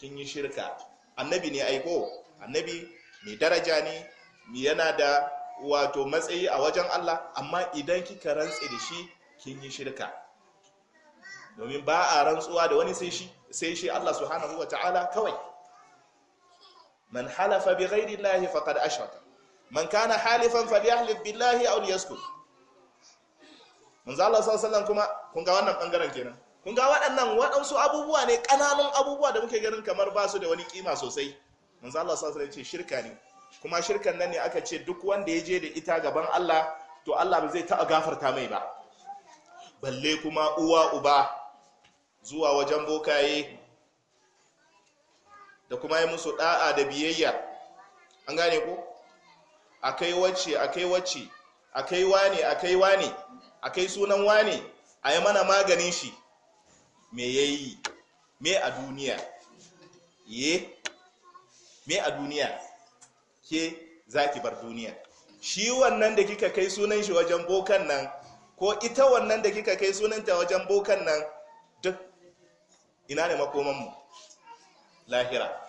kin yi shirka annabi ne aiko annabi mai daraja ne yana da wato matsayi a wajen Allah amma idan kika rantse da shi kin yi shirka domin ba a rantsuwa da wani sai shi sai shi Allah subhanahu ta'ala kawai man halafa bi ghairi llahi faqad ashraka man kana halifan falyahlif billahi aw liyaskut manzo Allah sallallahu alaihi kuma kun ga wannan bangaren kenan kun ga waɗannan waɗansu abubuwa ne kananan abubuwa da muke ganin kamar ba su da wani kima sosai manzo Allah sallallahu alaihi ce shirka ne kuma shirkan nan ne aka ce duk wanda ya je da ita gaban Allah to Allah ba zai taɓa gafarta mai ba balle kuma uwa uba zuwa wajen bokaye da kuma yi musu da'a da biyayya an gane a kai wacce kai wacce kai wane kai wane kai sunan wane a yi mana maganin shi me yi me a duniya ye me a duniya ke za ki bar duniya shi wannan da kika kai sunan shi wajen bokan nan ko ita wannan da kika kai sunanta wajen bokan nan duk ina ne makomanmu lahira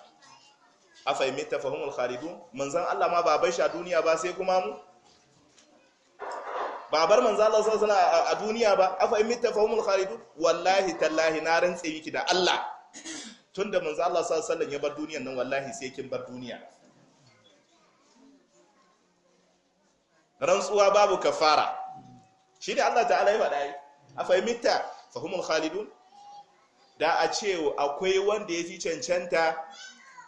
afa imita fahimul khalidun manzan Allah ma babar shi a duniya ba sai kuma mu babar manzan Allah sallallahu alaihi a duniya ba afa imita fahimul khalidun wallahi tallahi na rantse miki da Allah tunda manzan Allah sallallahu alaihi ya bar duniya nan wallahi sai kin bar duniya rantsuwa babu kafara shi ne Allah ta'ala ya faɗa yi. afa imita fahimul khalidun da a ce akwai wanda ya fi cancanta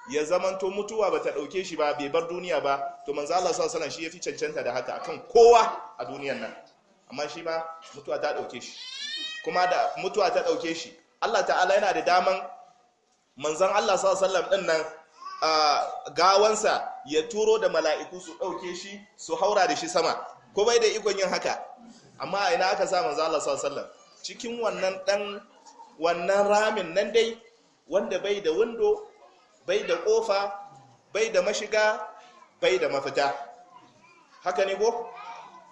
ya to mutuwa bata dauke shi ba bai bar duniya ba to manzo Allah sallallahu alaihi shi fi cancanta da haka akan kowa a duniyan nan amma shi ba mutuwa ta dauke shi kuma da mutuwa ta dauke shi Allah ta'ala yana da daman manzon Allah sallallahu alaihi din nan gawansa ya turo da mala'iku su dauke shi su haura da shi sama ko bai da ikon yin haka amma a ina aka sa manzo Allah sallallahu alaihi cikin wannan dan wannan ramin nan dai wanda bai da window bai da ƙofa bai da mashiga bai da mafita haka ne ko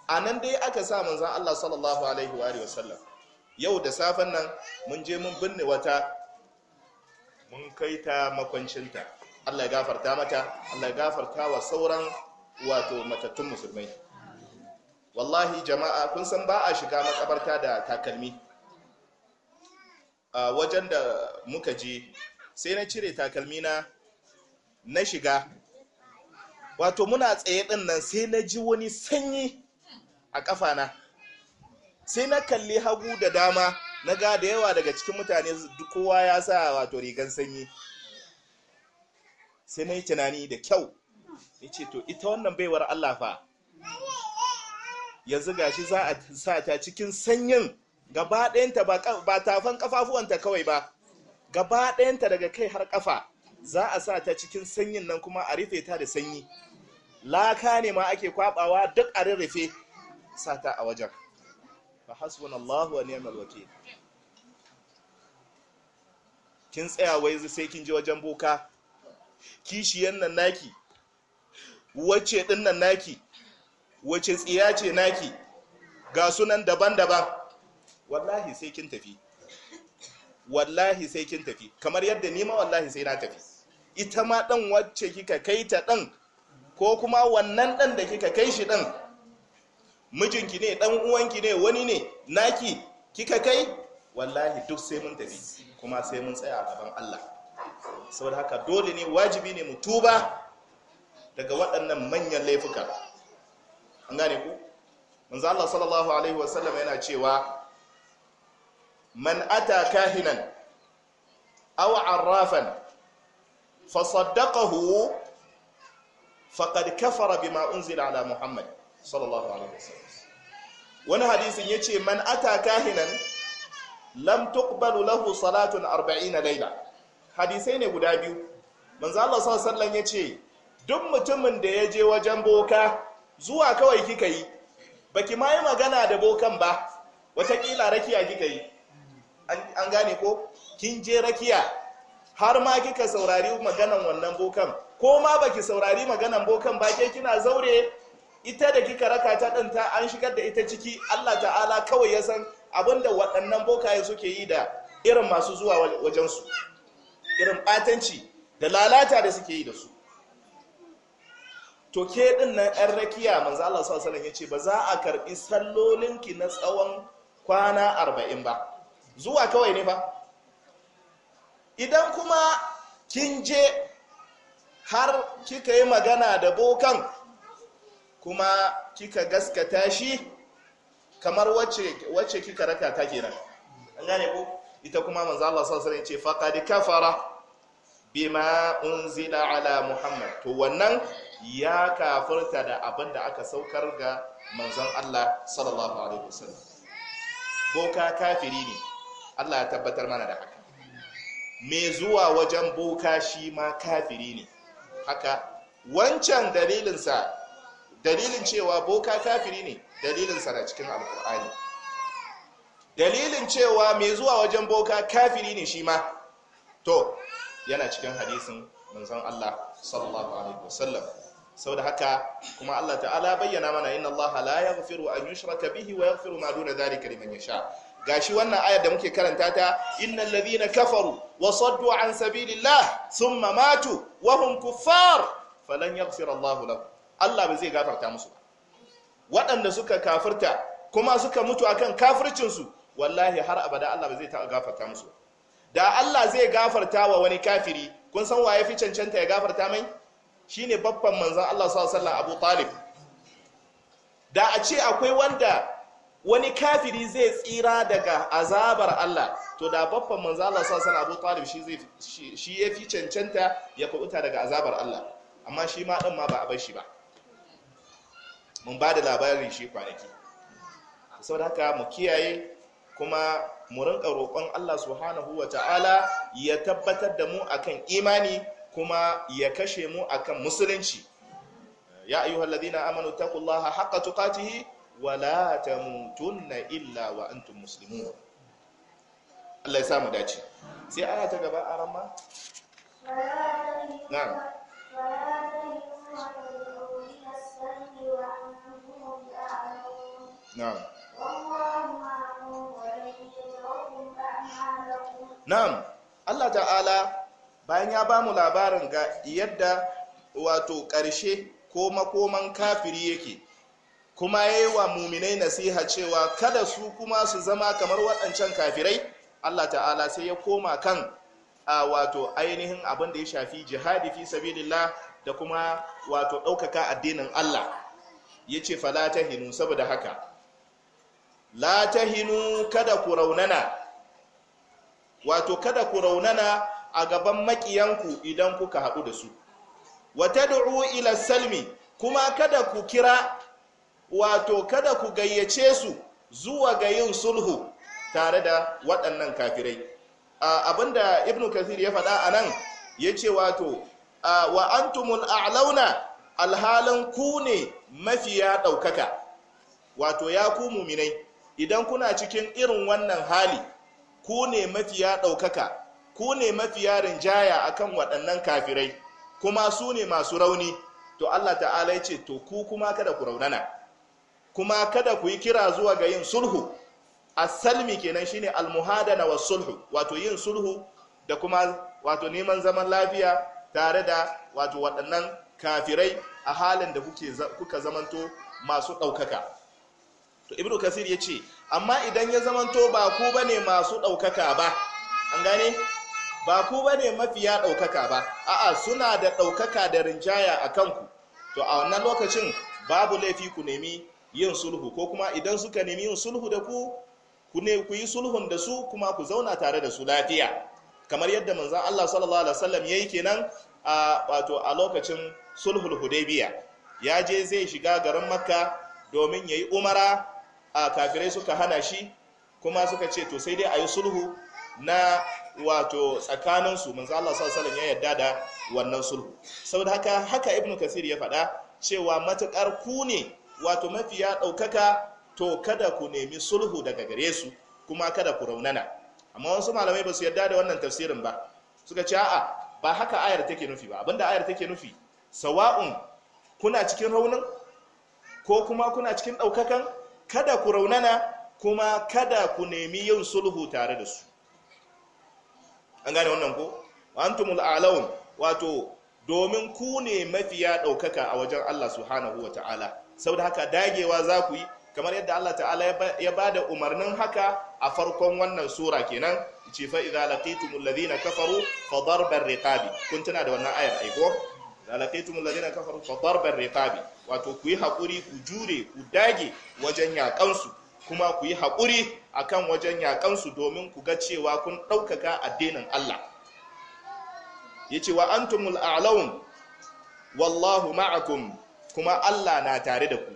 a nan dai aka sa manzan Allah sallallahu alaihi yau da safen nan mun je mun binne wata mun kai ta makwancinta Allah ya gafarta mata Allah ya gafarta wa sauran wato matattun musulmai wallahi jama'a kun san ba a shiga makabarta da takalmi a wajen da muka je sai na cire takalmi na na shiga wato muna tsaye din nan sai na ji wani sanyi a kafana sai na kalli hagu da dama na ga da yawa daga cikin mutane kowa ya sa wato rigan sanyi sai na yi tunani da kyau ya ce to ita wannan baiwar Allah fa yanzu shi za a sa ta cikin sanyin gaba ɗayanta ba tafan kafafuwanta kawai ba gaba ɗayanta daga kai har ƙafa za a sa ta cikin sanyin nan kuma a rufe ta da sanyi laka ne ma ake kwabawa duk a rarrafe sa ta a wajen fa hasbunallahu wa ni'mal wakil kin tsaya wai sai kin je wajen boka kishiyan nan naki wacce din nan naki wacce tsiya ce naki ga sunan daban-daban wallahi sai kin tafi wallahi sai kin tafi kamar yadda ni ma wallahi sai na tafi ita ma dan wacce kika kai ta dan ko kuma wannan dan da kika kai shi dan mijinki ne dan uwanki ne wani ne naki kika kai wallahi duk sai mun tafi kuma sai mun tsaya a gaban Allah saboda haka dole ne wajibi ne mu tuba daga waɗannan manyan laifuka an gane ku manzo Allah sallallahu alaihi wasallam yana cewa man ata kahinan aw arrafan fasaddaqahu faqad kafara bima unzila ala muhammad sallallahu alaihi wasallam wani hadisin yace man ata kahinan lam tuqbalu lahu salatun 40 layla hadisai ne guda biyu manzo Allah sallallahu alaihi wasallam yace duk mutumin da ya je wajen boka zuwa kawai kika yi baki ma yi magana da bokan ba watakila rakiya kika yi an gane ko kin je rakiya har ma kika saurari maganan wannan bokan ko ma baki saurari maganan bokan ba ke kina zaure ita da kika raka ta ɗanta an shigar da ita ciki Allah ta'ala kawai ya san abinda waɗannan bokaye suke yi da irin masu zuwa wajensu irin ɓatanci da lalata da suke yi da su to ke ɗin nan 'yan rakiya manzo Allah sallallahu alaihi ya ce ba za a karɓi sallolinki na tsawon kwana arba'in ba zuwa kawai ne fa idan kuma kin je har kika yi magana da bokan kuma kika gaskata shi kamar wacce kika raka ta kenan an gane ku? ita kuma manzo Allah sallallahu alaihi ce faqad kafara bima unzila ala muhammad to wannan ya kafirta da abinda aka saukar ga manzon Allah sallallahu alaihi wasallam boka kafiri ne Allah ya tabbatar mana da haka Me zuwa wajen boka shi ma kafiri ne haka wancan dalilinsa dalilin cewa boka kafiri ne dalilinsa na cikin alkur'ani dalilin cewa me zuwa wajen boka kafiri ne shi ma to yana cikin hadisin manzon Allah sallallahu alaihi wasallam saboda haka kuma Allah ta'ala bayyana mana inna Allah la yaghfiru an yushraka bihi wa yaghfiru ma duna dhalika liman yasha gashi wannan ayar da muke karanta ta innal kafaru wa saddu an sabilillah thumma matu wa hum kuffar falan yaghfir lahum Allah ba zai gafarta musu waɗanda suka kafirta kuma suka mutu akan kafircinsu wallahi har abada Allah zai taɓa gafarta musu da Allah zai gafarta wa wani kafiri kun san waye fi cancanta ya gafarta mai shine babban manzon Allah sallallahu alaihi wasallam Abu Talib da a ce akwai wanda wani kafiri zai tsira daga azabar Allah to da babban manzo Allah sa sana Abu Talib shi zai shi ya fi cancanta ya kubuta daga azabar Allah amma shi ma din ma ba a bar shi ba mun ba da labarin shi kwanaki saboda haka mu kiyaye kuma mu rinka roƙon Allah subhanahu wa ta'ala ya tabbatar da mu akan imani kuma ya kashe mu akan musulunci ya ayyuhal amanu taqullaha haqqa tuqatihi wala ta tamutunna illa wa antum muslimun Allah ya samu dace sai aya ta gaba a ramma na'am na'am na'am Allah ta'ala bayan ya ba mu labarin ga yadda wato ƙarshe koma-koman kafiri yake kuma ya yi wa muminai nasiha cewa kada su kuma su zama kamar waɗancan kafirai allah ta'ala sai ya koma kan a wato ainihin abin da ya shafi jihadi fi sabilillah da kuma wato ɗaukaka addinin allah ya ce fala ta hinu saboda haka la ta hinu kada ku raunana wato kada ku raunana a gaban makiyanku idan kuka haɗu da su wata du'u ila salmi kuma kada ku kira wato kada ku gayyace su zuwa ga yin sulhu tare da waɗannan kafirai abinda ibn kathir ya faɗa a nan ya ce wato wa antumul a'launa alhalin ku ne mafiya ɗaukaka wato ya ku muminai idan kuna cikin irin wannan hali ku ne mafiya ɗaukaka ku ne mafiya rinjaya akan waɗannan kafirai kuma su ne masu rauni to allah ta'ala ya ce to ku kuma kada ku raunana kuma kada ku yi kira zuwa ga yin sulhu a asalmi kenan shine almuhadana wa sulhu wato yin sulhu da kuma wato neman zaman lafiya tare da wato waɗannan kafirai a halin da kuka zamanto masu ɗaukaka to ibnu kasir ya ce amma idan ya zamanto ba ku ba ne masu ɗaukaka ba an gane ba ku ba ne mafiya ɗaukaka ba a'a suna da ɗaukaka da rinjaya a kanku to a wannan lokacin babu laifi ku nemi yin sulhu ko kuma idan suka nemi yin sulhu da ku ku ne ku yi sulhun da su kuma ku zauna tare da su lafiya kamar yadda manzon Allah sallallahu alaihi wasallam yayi kenan a wato a lokacin sulhul hudaybiya ya je zai shiga garin makka domin yayi umara a kafirai suka hana shi kuma suka ce to sai dai a yi sulhu na wato tsakaninsu manzo Allah sallallahu alaihi ya yarda da wannan sulhu saboda haka haka ibnu kasir ya faɗa cewa matukar ku ne wato mafiya ɗaukaka to kada ku nemi sulhu daga gare su kuma kada ku raunana amma wasu malamai ba su yarda da wannan tafsirin ba suka ce a'a ba haka ayar take nufi ba abinda ayar take nufi sawa'un kuna cikin raunin ko kuma kuna cikin ɗaukakan kada ku raunana kuma kada ku nemi yin sulhu tare da su an gane wannan ko antumul alawun wato domin ku ne mafiya ɗaukaka a wajen Allah subhanahu wa ta'ala saboda haka dagewa za ku yi kamar yadda Allah ta'ala ya ba da umarnin haka a farkon wannan sura kenan ce fa idza ladina kafaru fa darbar riqabi kun tana da wannan ayar aiko idza ladina kafaru fa darbar riqabi wato ku yi hakuri ku jure ku dage wajen yakan su kuma ku yi hakuri akan wajen yakan su domin ku ga cewa kun daukaka addinin Allah yace wa antumul a'lawun? wallahu ma'akum kuma Allah na tare da ku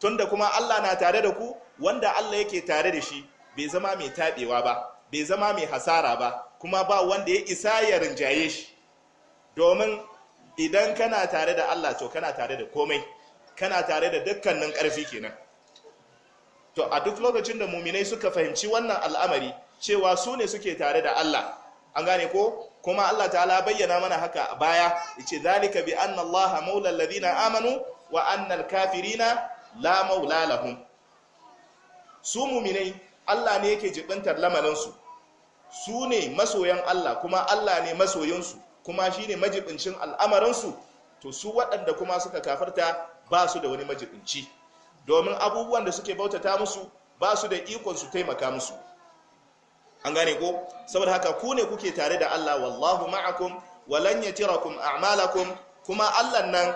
tunda kuma Allah na tare da ku wanda Allah yake tare da shi bai zama mai taɓewa ba bai zama mai hasara ba kuma ba wanda ya isa ya rinjaye shi domin idan kana tare da Allah to kana tare da komai kana tare da dukkanin ƙarfi kenan to a duk lokacin da muminai suka fahimci wannan al'amari cewa su ne suke tare da Allah an gane ko kuma Allah ta'ala bayyana mana haka a baya yace zalika bi anna Allah maula alladhina amanu wa anna alkafirina kafirina la maula lahum su mu'minai Allah ne yake jibintar lamarin su su ne masoyan Allah kuma Allah ne masoyin su kuma shine majibincin al'amarin su to su waɗanda kuma suka kafarta ba su da wani majibinci domin abubuwan da suke bautata musu ba su da ikon su taimaka musu an gane ko saboda haka ku ne kuke tare da Allah wallahu ma'akum walan yatirakum a'malakum kuma Allah nan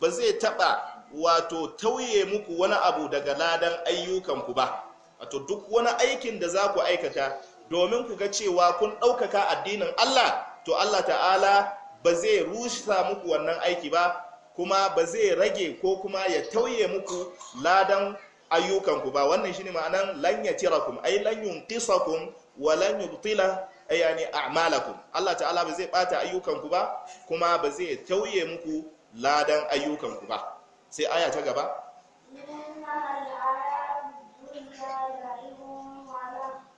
ba zai taba wato tauye muku wani abu daga ladan ayyukanku ba wato duk wani aikin da za ku aikata domin ku ga cewa kun ɗaukaka addinin Allah to Allah ta'ala ba zai rusa muku wannan aiki ba kuma ba zai rage ko kuma ya tauye muku ladan ayyukanku ba wannan shine ma'anan lan yatirakum ay lan yunqisakum walan yubtila yani a'malakum Allah ta'ala ba zai bata ayyukanku ba kuma ba zai tauye muku ladan ayyukanku ba sai aya ta gaba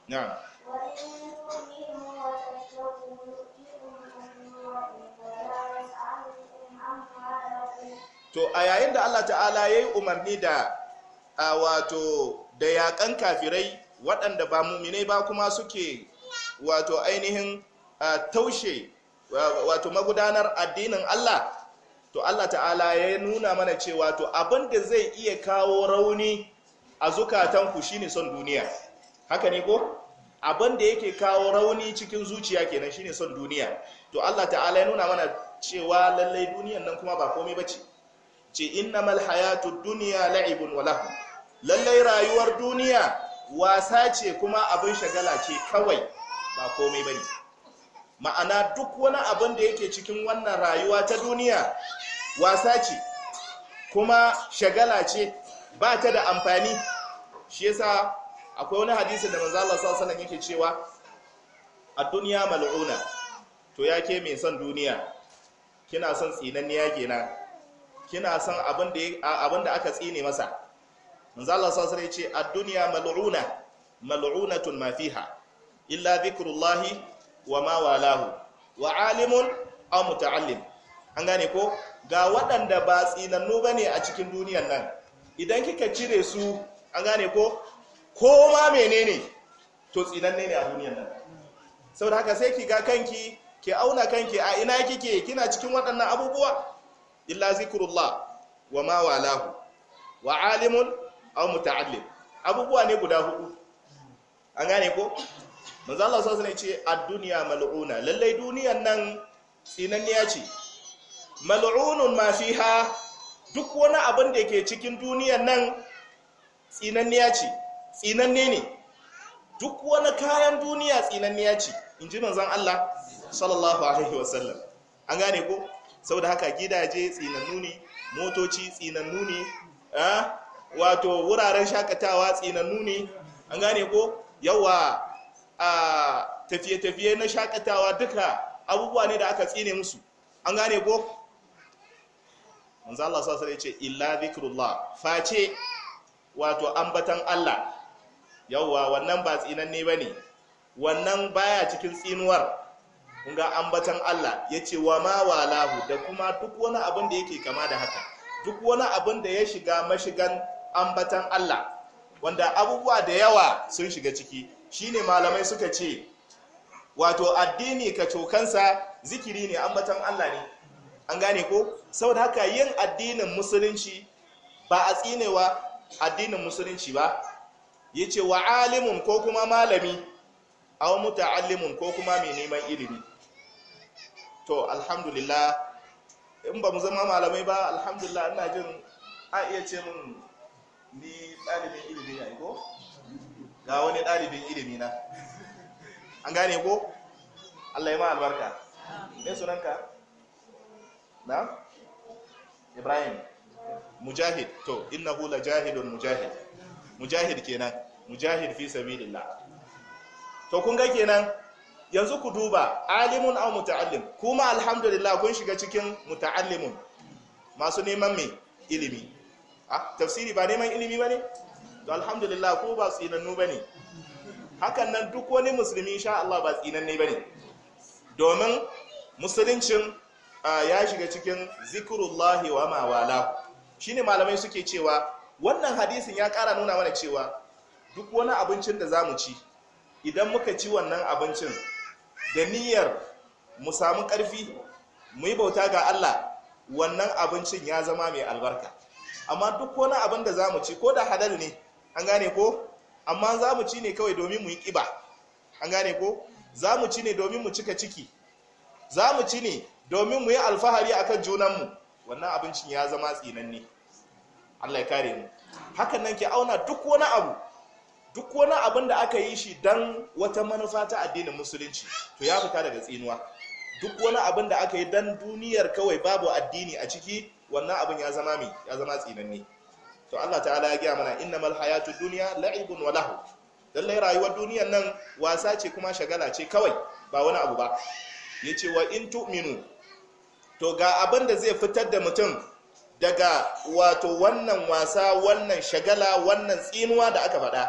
na'am to a yayin da Allah ta'ala ya yi umarni da wato da yakan kafirai waɗanda ba muminai ba kuma suke wato ainihin taushe wato magudanar addinin Allah to Allah ta'ala ya nuna mana cewa to abin zai iya kawo rauni a zukatanku shine son duniya haka ne ko abin yake kawo rauni cikin zuciya kenan shine son duniya to Allah ta'ala ya nuna mana cewa lallai duniyan nan kuma ba komai bace ce innamal hayatud dunya la'ibun wa lahu lallai rayuwar duniya wasa ce kuma abin shagala ce kawai ba komai bane ma'ana duk wani abin da yake cikin wannan rayuwa ta duniya wasa ce kuma shagala ce ba ta da amfani shi yasa akwai wani hadisi da manzo Allah sallallahu yake cewa a duniya mal'una to yake mai son duniya kina son yake na? kina son abin da aka tsine masa manzo Allah sallallahu alaihi ce ad-dunya mal'una mal'unatun ma fiha illa dhikrullahi wa ma walahu wa alimun aw muta'allim an gane ko ga waɗanda ba tsinannu bane a cikin duniyar nan idan kika cire su an gane ko ko ma menene to tsinanne ne a duniyar nan saboda haka sai ki ga kanki ki auna kanki a ina kike kina cikin waɗannan abubuwa illa zikrullah wa ma walahu wa alimun aw muta'allim abubuwa ne guda hudu an gane ko manzo Allah sallallahu alaihi ce ad-dunya mal'una lallai duniyan nan tsinanniya ce mal'unun ma fiha duk wani abin da ke cikin duniyan nan tsinanniya ce tsinanne ne duk wani kayan duniya tsinanniya ce inji manzon Allah sallallahu alaihi wasallam an gane ko saboda haka gidaje tsinannu ne motoci tsinannu ne ah, wato wuraren shakatawa tsinannu ne an gane ko yawa a tafiye-tafiye na shakatawa duka abubuwa ne da aka tsine musu an gane ko manzo Allah sallallahu alaihi ce illa zikrullah face wato ambatan Allah yawa wannan ba tsinanne bane wannan baya cikin tsinuwar kun ga ambatan Allah yace wa ma walahu da kuma duk wani abin da yake kama da haka duk wani abin da ya shiga mashigan ambatan Allah wanda abubuwa da yawa sun shiga ciki shine malamai suka ce wato addini ka cokansa zikiri ne ambatan Allah ne an gane ko saboda haka yin addinin musulunci ba a tsinewa addinin musulunci ba yace wa alimun ko kuma malami aw muta'allimun ko kuma mai neman ilimi to alhamdulillah in ba mu zama malamai ba alhamdulillah ina jin a iya ce mun ni ɗalibin ilimi ne ko ga wani ɗalibin ilimi na an gane ko Allah ma albarka me sunanka na Ibrahim mujahid to innahu hula jahidun mujahid mujahid kenan mujahid fi sabilillah to kun ga kenan yanzu ku duba alimun au muta'allim kuma alhamdulillah kun shiga cikin muta'allimun masu neman me ilimi a ah, tafsiri ba neman ilimi ba ne to alhamdulillah ko ba tsinannu ba ne hakan nan duk wani musulmi sha Allah ba tsinanne ba ne domin musuluncin ah, ya shiga cikin zikirullahi wa mawala shine malamai suke cewa wannan hadisin ya kara nuna mana cewa duk wani abincin da za mu ci idan muka ci wannan abincin da niyyar mu samu karfi mu yi bauta ga Allah wannan abincin ya zama mai albarka amma duk wani abin da zamu ci ko da halal ne an gane ko amma zamu ci ne kawai domin mu yi kiba an gane ko zamu ci ne domin mu cika ciki zamu ci ne domin mu yi alfahari akan junanmu wannan abincin ya zama tsinanne Allah ya kare mu hakan nan ke auna duk wani abu duk wani abin da aka yi shi dan wata manufa ta addinin musulunci to ya fita daga tsinuwa duk wani abin da aka yi dan duniyar kawai babu addini a ciki wannan abin ya zama mi ya zama tsinanne to Allah ta'ala ya gaya mana innamal hayatu dunya la'ibun wa lahu lallai rayuwar duniyar nan wasa ce kuma shagala ce kawai ba wani abu ba yace wa in tu'minu to ga abin da zai fitar da mutum daga wato wannan wasa wannan shagala wannan tsinuwa da aka faɗa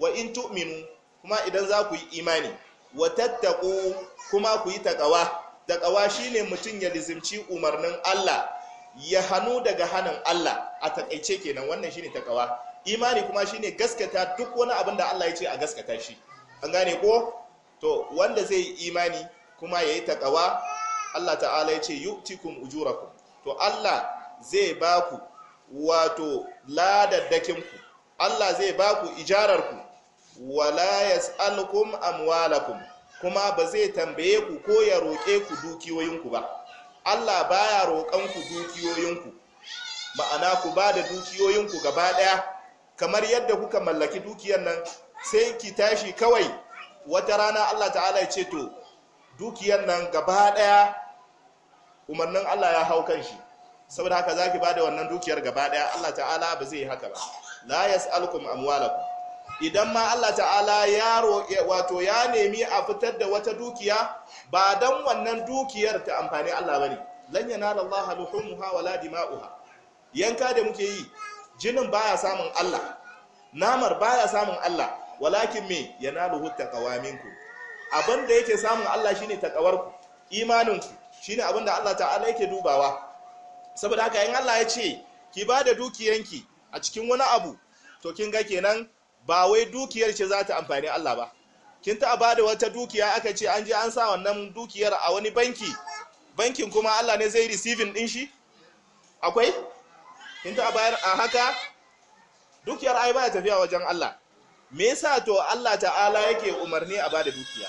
wa in tu'minu kuma idan za ku yi imani wa tattaku kuma ku yi takawa takawa shine mutum ya lizimci umarnin Allah ya hannu daga hannun Allah a takaice kenan wannan shine takawa imani kuma shine gaskata duk wani abin da Allah ya ce a gaskata shi an gane ko to wanda zai yi imani kuma yayi takawa Allah ta'ala ya ce yu'tikum ujurakum to Allah zai ba ku wato ladaddakin ku Allah zai ba ku ijarar ku wala yas'alukum amwalakum kuma ba zai tambaye ku ko ya roƙe ku dukiyoyinku ba Allah baya roƙon ku dukiyoyinku ma'ana ku ba da dukiyoyinku gaba ɗaya kamar yadda kuka mallaki dukiyar nan sai ki tashi kawai wata rana Allah ta'ala ya ce to dukiyar nan gaba ɗaya umarnin Allah ya hau kan shi saboda haka za ki ba da wannan dukiyar gaba ɗaya Allah ta'ala ba zai yi haka ba la yas'alukum amwalakum idan ma Allah ta'ala ya wato ya nemi a fitar da wata dukiya ba don wannan dukiyar ta amfani Allah bane lan da Allah wa wala dima'uha yanka da muke yi jinin baya samun Allah namar baya samun Allah walakin me yanaluhu taqawaminku abin da yake samun Allah shine takawarku imaninku shine abin da Allah ta'ala yake dubawa saboda haka yin Allah ya ce ki ba da dukiyanki a cikin wani abu to kin ga kenan ba wai dukiyar ce za ta amfani Allah ba kin ta bada wata dukiya aka ce an je an sa wannan dukiyar a wani banki bankin kuma Allah ne zai receiving ɗin shi akwai kin ta bayar a haka dukiyar ai baya tafiya wajen Allah me yasa to Allah ta'ala yake umarni a bada dukiya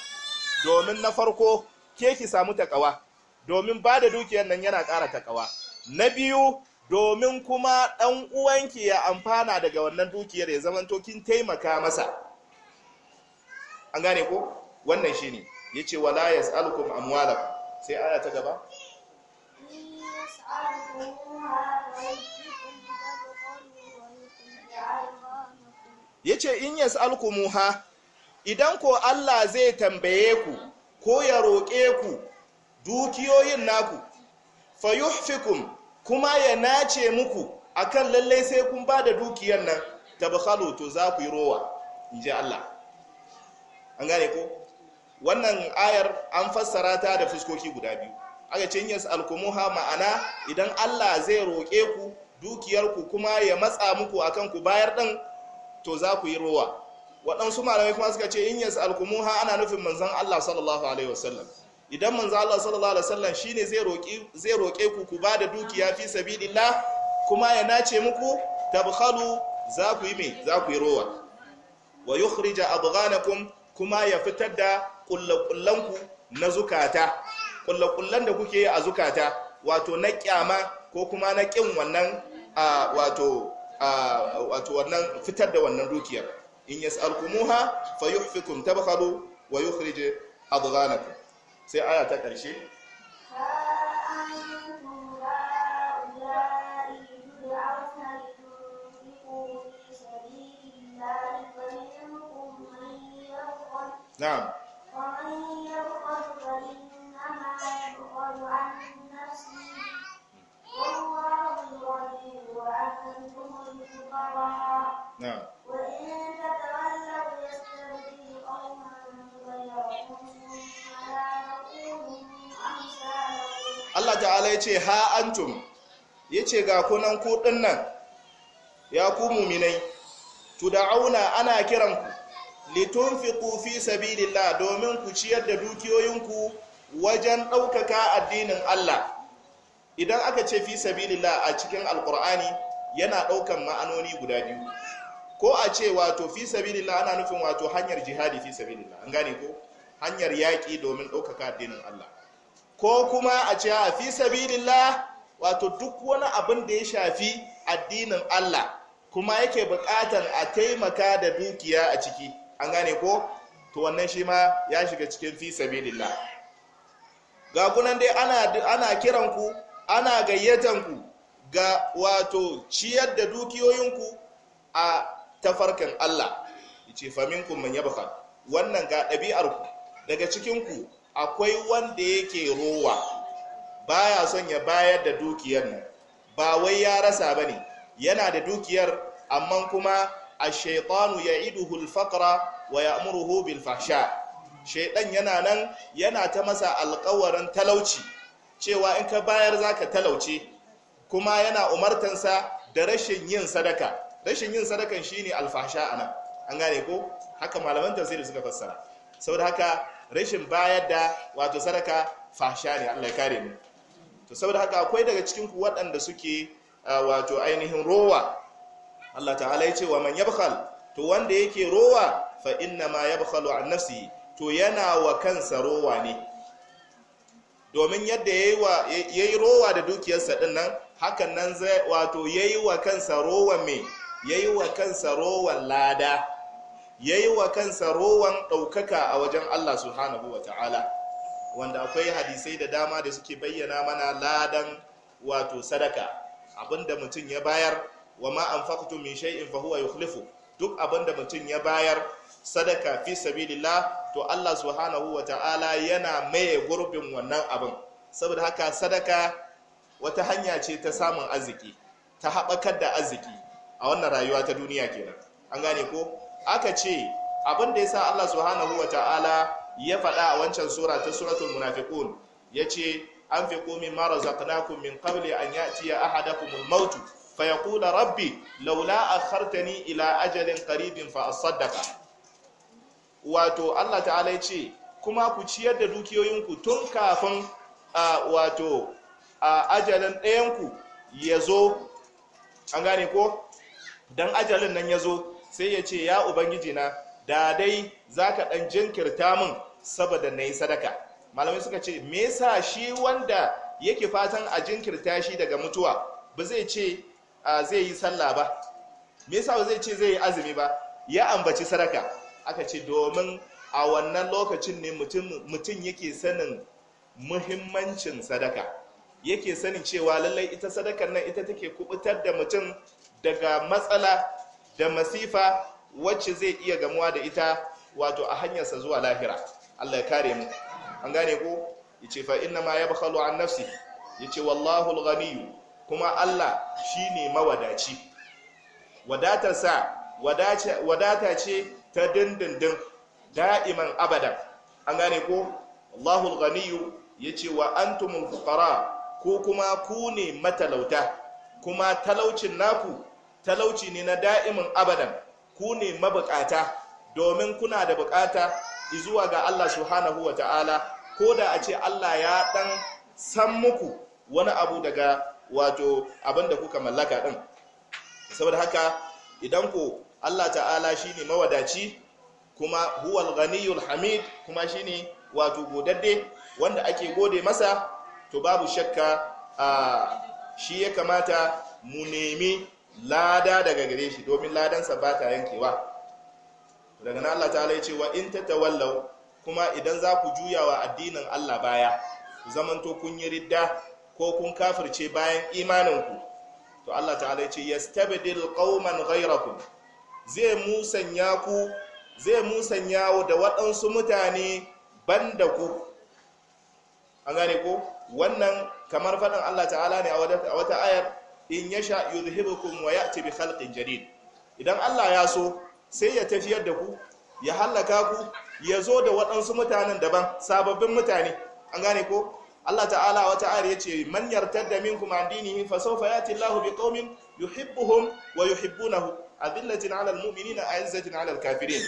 domin na farko ke ki samu takawa domin bada dukiyar nan yana ƙara takawa na biyu domin kuma ɗan uwanki ya amfana daga wannan dukiyar ya zama tokin taimaka masa an gane ko wannan shine ce, wala yas'alukum amwala sai aya ta gaba Ya ce in ha? idan ko Allah zai tambaye ku ko ya roƙe ku dukiyoyin naku fayuhfikum kuma ya nace muku akan lallai sai kun ba da dukiyar nan ta tabkhalu to za ku yi rowa in ji Allah an gane ko wannan ayar an fassara ta da fuskoki guda biyu aka ce yas alkumuha ma'ana idan Allah zai roƙe ku dukiyarku kuma ya matsa muku akan ku bayar ɗan to za ku yi rowa waɗansu malamai kuma suka ce in yas alkumuha ana nufin manzon Allah sallallahu alaihi wasallam idan manzo Allah sallallahu alaihi wasallam shine zai roki zai roke ku ku bada dukiya fi sabilillah kuma ya nace muku tabkhalu za ku yi me za ku yi rowa wa yukhrija abghanakum kuma ya fitar da kullakullanku na zukata kullakullan da kuke yi a zukata wato na kyama ko kuma na kin wannan wato wato wannan fitar da wannan dukiyar in yas'alkumuha fayuhfikum tabkhalu wa yukhrij abghanakum sai aya ta ƙarshe na'am Na. Wa in ta tawalla ya stabi qawman Allah ta'ala ya ce ha antum ya ce ga kunan ku nan ya ku muminai tuda'auna ana kiranku litunfiqu fi sabilillah domin ku ciyar da dukiyoyinku wajen ɗaukaka addinin Allah idan aka ce fi sabilillah a cikin alkur'ani yana ɗaukan ma'anoni guda biyu ko a ce wato fi sabilillah ana nufin wato hanyar jihadi fi sabilillah an gane ko hanyar yaƙi domin ɗaukaka addinin Allah ko kuma a ce a fi sabilillah wato duk wani abin da ya shafi addinin Allah kuma yake buƙatar a taimaka da dukiya a ciki an gane ko to wannan shi ma ya shiga cikin fi sabilillah ga kunan dai ana ana kiran ku ana gayyatan ku ga wato ciyar da dukiyoyinku a tafarkan Allah ce famin ku man yabkhal wannan ga ɗabi'ar ku daga cikin ku akwai wanda yake rowa baya son ya bayar da dukiyar nan ba wai ya rasa bane yana da dukiyar amma kuma ash-shaytanu ya'iduhu al-faqra wa ya'muruhu bil fahsha shaytan yana nan yana ta masa alƙawarin talauci cewa in ka bayar zaka talauce kuma yana umartansa da rashin yin sadaka rashin yin sadakan shine alfasha anan an gane ko haka malaman tafsiri suka fassara saboda haka rashin bayar da wato sadaka fasha ne Allah ya kare mu to saboda haka akwai daga cikin ku waɗanda suke wato ainihin rowa Allah ta'ala ya ce wa man yabkhal to wanda yake rowa fa inna ma yabkhalu an nafsi to yana wa kansa rowa ne domin yadda yayi rowa da dukiyarsa din nan hakan nan zai wato yayi wa kansa rowa mai ya yi wa kansa rowan lada ya yi wa kansa rowan ɗaukaka a wajen Allah subhanahu wa ta'ala wanda akwai hadisai da dama da suke bayyana mana ladan wato sadaka abinda mutum ya bayar wa ma anfaqtum min shay'in fa huwa yukhlifu duk abinda mutum ya bayar sadaka fi sabilillah to Allah subhanahu wa ta'ala yana maye gurbin wannan abin saboda haka sadaka wata hanya ce ta samun arziki ta haɓakar da arziki a wannan rayuwa ta duniya kenan an gane ko aka ce abin da ya sa Allah subhanahu wataala ya faɗa a wancan sura ta suratul munafiqun yace anfiqu mimma razaqnakum min qabli an ya'tiya ahadakumul maut fa ya kula rabbi laula a akhartani ila ajalin qaribin fa asaddaqa wato Allah ta'ala ya ce kuma ku ciyar da dukiyoyinku tun kafin wato a ajalin ɗayanku ya zo an gane ko dan ajalin nan ya zo sai ya ce ya ubangiji na da dai za ka ɗan jinkirta mun saboda na yi sadaka malamai suka ce me yasa shi wanda yake fatan a jinkirta shi daga mutuwa ba zai ce zai yi sallah ba me yasa ba zai ce zai yi azumi ba ya ambaci sadaka aka ce domin a wannan lokacin ne mutum yake sanin muhimmancin sadaka yake sanin cewa lallai ita sadakar nan ita take kubutar da mutum daga matsala da masifa wacce zai iya gamuwa da ita wato a hanyarsa zuwa lahira Allah ya kare mu an gane ko yace fa inna ma yabkhalu an nafsi yace wallahu al kuma Allah shine mawadaci wadatarsa wadata ce ta dindindin da'iman abadan an gane ko Allahul ya yace wa antumul fuqara ko kuma ku ne matalauta kuma talaucin naku talauci ne na da'imin abadan ku ne mabukata domin kuna da bukata zuwa ga Allah subhanahu wa ta'ala ko da a ce Allah ya dan san muku wani abu daga wato abinda kuka mallaka din saboda haka idan ku Allah ta'ala shine mawadaci kuma huwal ghaniyul hamid kuma shine wato godadde wanda ake gode masa to babu shakka a ah, shi ya kamata mu nemi lada daga gare shi domin ladansa ba ta yankewa daga nan Allah ta ya ce wa in tawallau kuma idan za ku juya wa addinin Allah baya ku zamanto kun yi ridda ko kun kafirce bayan imaninku to Allah ta'ala ya ce yastabdil qauman ghayrakum zai musanya ku zai musanya da waɗansu mutane banda ku an gane ko wannan kamar faɗin Allah ta'ala ne a wata ayar in yasha yuzhibukum wa ya'ti bi khalqin jadid idan Allah ya so sai ya tafiyar da ku ya hallaka ku ya zo da waɗansu mutanen daban sababbin mutane an gane ko Allah ta'ala wata ayar yace man yartadda minkum an dinihi fa sawfa ya'ti Allahu bi qaumin yuhibbuhum wa yuhibbunahu adillatin 'ala al-mu'minina a'izzatin 'ala al-kafirin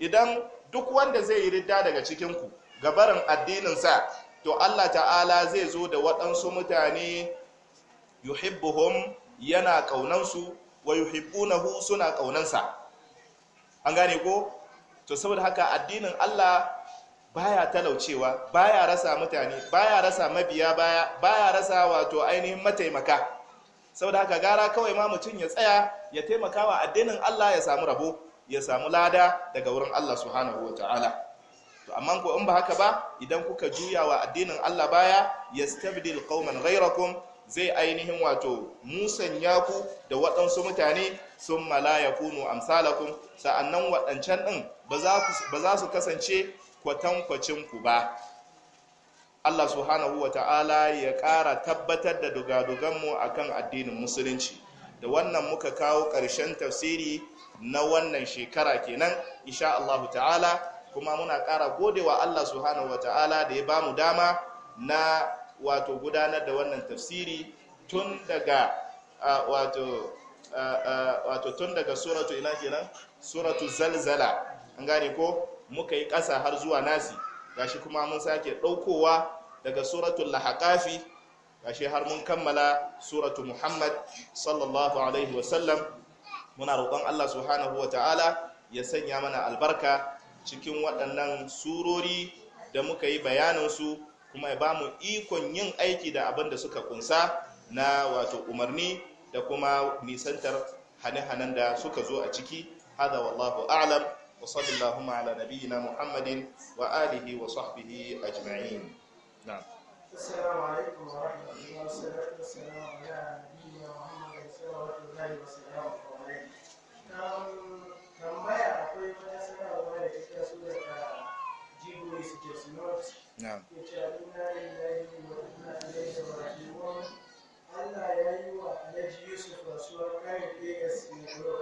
idan duk wanda zai yi ridda daga cikin ku gabarin addinin sa to Allah ta'ala zai zo da waɗansu mutane yuhibbuhum yana ƙaunansu wa yuhibbunahu suna ƙaunansa an gane ko to saboda haka addinin Allah baya talaucewa baya rasa mutane baya rasa mabiya baya baya rasa wato ainihin mataimaka saboda haka gara kawai ma mutum ya tsaya ya taimakawa addinin Allah ya samu rabo ya samu lada daga wurin Allah subhanahu ta'ala. to amma ko in ba haka ba idan kuka juya wa addinin Allah baya yastabdil qauman ghayrakum zai ainihin wato musanya ku da waɗansu mutane sun malaya kunu amsalakum sa'annan waɗancan ɗin ba za su kasance kwatankwacin ku ba Allah subhanahu wa ta'ala ya ƙara tabbatar da dugaduganmu mu akan addinin musulunci da wannan muka kawo ƙarshen tafsiri na wannan shekara kenan insha Allah ta'ala kuma muna ƙara godewa Allah subhanahu wata'ala da ya ba mu dama na wato gudanar da wannan tafsiri tun daga wato wato tun daga suratu ina kenan suratu zalzala an gane ko muka yi ƙasa har zuwa nasi gashi kuma mun sake ɗaukowa daga suratu lahaqafi gashi har mun kammala suratu muhammad sallallahu alaihi wasallam muna roƙon allah subhanahu wa ta'ala ya sanya mana albarka cikin waɗannan surori da muka yi bayanansu kuma ya ba mu ikon yin aiki da abin da suka kunsa na wato umarni da kuma nisantar hane-hanen da suka zo a ciki hada wallahu a'lam wa sallallahu ala nabiyyina muhammadin wa alihi wa sahbihi ajma'in na'am السلام عليكم ورحمة الله وبركاته السلام على نبينا محمد صلى الله عليه وسلم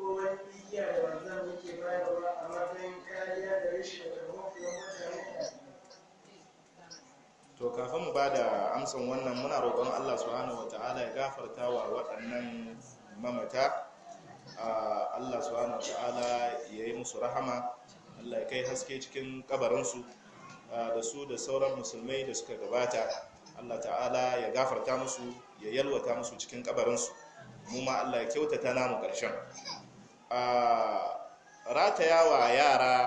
ko to kafin mu ba da amsan wannan muna roƙon allah subhanahu wa ya gafarta wa waɗannan mamata allah subhanahu wa ya yi musu rahama allah ya kai haske cikin ƙabarinsu da su da sauran musulmai da suka gabata allah ta'ala ya gafarta musu ya yalwata musu cikin ƙabarinsu. mu ma allah ya kyautata namu ƙarshen rataya wa yara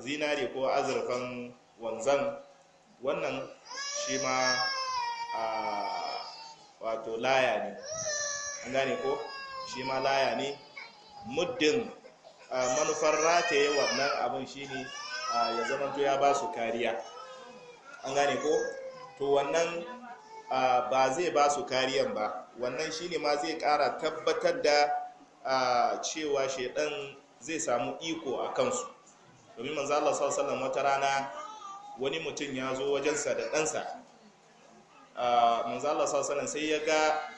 zinari ko azurfan wanzan wannan shi ma wato laya ne an gane ko shi ma laya ne muddin manufar rataye wannan abin ne ya zamanto ya ba su kariya an gane ko to wannan ba zai ba su kariyan ba wannan shi ne ma zai kara tabbatar da A cewa shaidan zai samu iko a kansu domin manzo Allah sallallahu wata rana wani mutum ya zo wajen sa da ɗansa manzo Allah sallallahu sai ya ga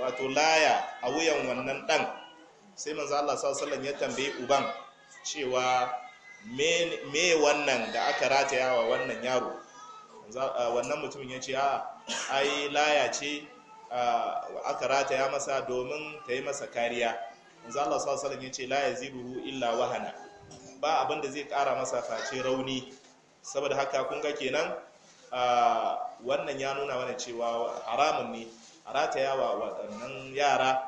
wato laya a wuyan wannan ɗan sai manzo Allah sallallahu ya tambayi uban cewa me wannan da aka rataya wa wannan yaro wannan mutumin ya ce a ai laya ce aka rataya masa domin ta yi masa kariya manzo Allah sallallahu alaihi wasallam yace la yaziruhu illa wahana ba abin da zai kara masa face rauni saboda haka kun ga kenan wannan ya nuna mana cewa haramun ne a rataya wa waɗannan yara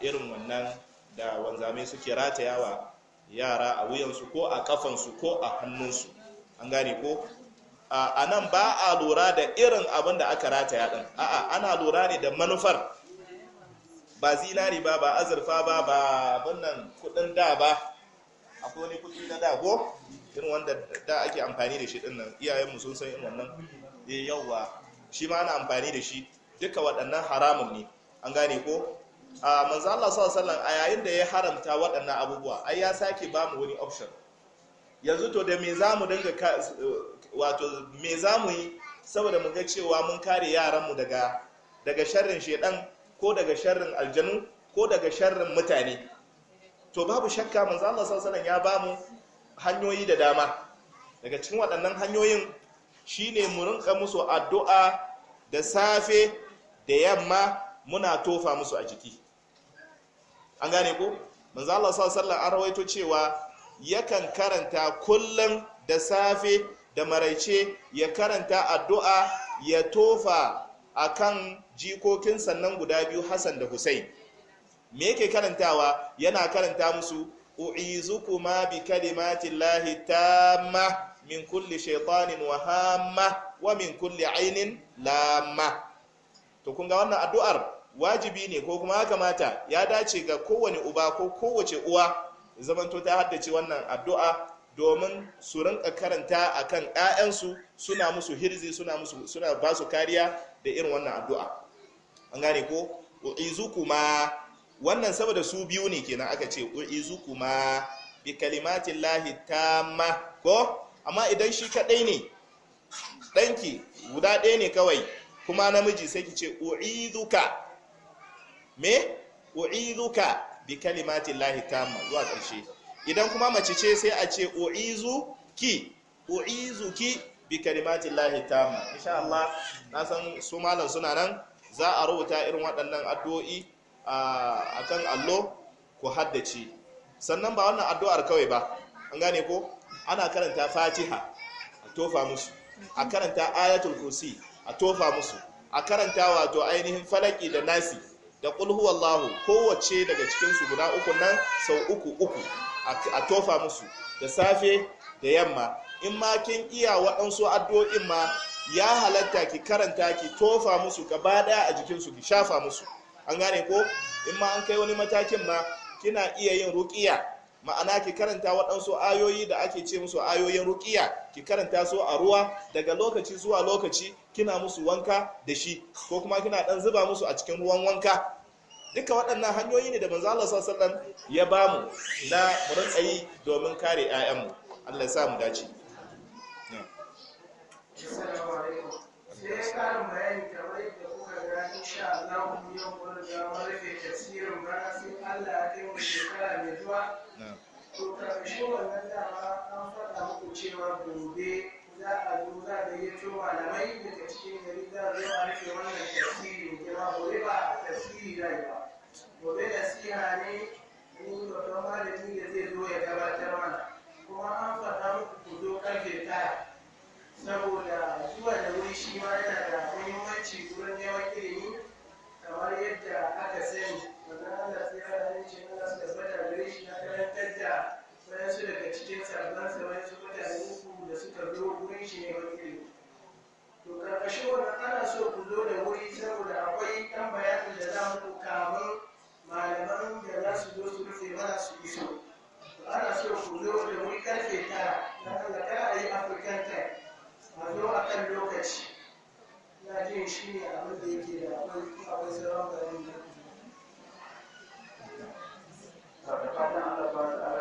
irin wannan da wanzamai suke ratayawa yawa yara a wuyansu ko a kafansu ko a hannunsu an gane ko a nan ba a lura da irin abin da aka rataya ɗin a'a ana lura ne da manufar ba zinari ba ba azurfa ba ba wannan kudin da ba akwai wani kudi na da ko irin wanda da ake amfani da shi din nan iyayenmu sun san irin wannan eh yawa shi ma ana amfani da shi duka waɗannan haramun ne an gane ko a manzo Allah sallallahu alaihi wasallam a yayin da ya haramta waɗannan abubuwa ai ya sake ba mu wani option yanzu to da me zamu dinga wato me zamu yi saboda mu ga cewa mun kare yaranmu daga daga sharrin shedan ko daga sharrin aljanu ko daga sharrin mutane to babu shakka manzo Allah sallallahu ya bamu hanyoyi da dama daga cikin waɗannan hanyoyin shine mu rinka musu addu'a da safe da yamma muna tofa musu a jiki an gane ko manzo Allah sallallahu an rawaito cewa yakan karanta kullum da safe da maraice ya karanta addu'a ya tofa akan jikokin sannan guda biyu Hassan da Hussein me yake karantawa yana karanta musu ma bi kalimati llahi tamma min kulli shaytanin wa hamma wa min kulli ainin lamma to kun ga wannan addu'ar wajibi ne ko kuma ya kamata ya dace ga kowane uba ko kowace uwa zamanto ta haddace wannan addu'a domin su rinka karanta akan 'ya'yansu suna musu hirzi suna musu suna basu kariya da irin wannan addu'a an gane ko izu kuma wannan saboda su biyu ne kenan aka ce izu kuma bi kalimatin lahi tamma ko amma idan shi kadai ne danki guda ɗaya ne kawai kuma namiji sai ki ce ka me ka bi kalimatin lahi tamma zuwa ƙarshe idan kuma mace ce sai a ce u'izu ki u'izu ki bi kalimatin lahi tamma insha Allah na san su malam suna nan za a rubuta irin waɗannan addu'o'i a kan allo ku haddace sannan ba wannan addu'ar kawai ba an gane ko ana karanta fatiha a tofa musu a karanta ayatul kursi a tofa musu a karanta wato ainihin falaki da nasi da kulhu Lahu kowace daga cikinsu guda uku nan sau uku uku a tofa musu da safe da yamma in ma kin iya waɗansu addu'o'in ma ya halatta ki karanta ki tofa musu gaba daya a jikinsu ki shafa musu an gane ko in ma an kai wani matakin ma kina iya yin ruqiya ma'ana ki karanta waɗansu ayoyi da ake ce musu ayoyin ruqiya ki karanta su a ruwa daga lokaci zuwa lokaci kina musu wanka da shi ko kuma kina dan zuba musu a cikin ruwan wanka duka waɗannan hanyoyi ne da manzo Allah sallallahu alaihi wasallam ya bamu na mu rinka domin kare 'ya'yanmu Allah ya sa mu dace Yeah. sai karin bayani kamar yadda kuka ga insha Allah mun yau mun rufe tafsirin bana sai Allah ya kai mu shekara mai zuwa to karshen wannan dama an faɗa muku cewa gobe za a zo za a gayyato malamai daga cikin gari za a zo a rufe wannan tasiri. girma gobe ba tafsiri da ba gobe nasiha ne ni babban malami da zai zo ya gabatar mana kuma an faɗa muku ku zo karfe saboda zuwa da wuri shi ma yana da muhimmanci wurin neman ilimi kamar yadda aka sani wannan Allah sai ya rani shi Allah suka tabbata gare shi na karantar da wayansu daga cikin sabon sabon su mutane uku da suka zo wurin shi neman ilimi to karkashin wannan ana so ku zo da wuri saboda akwai ɗan bayanin da za mu kamun malaman da za su zo su rufe mana su iso ana so ku zo da wuri karfe tara na Allah kar a yi African time manzo a kan lokaci ya ce shi ne abin da yake da akwai sauran garin da da fatan Allah ba ta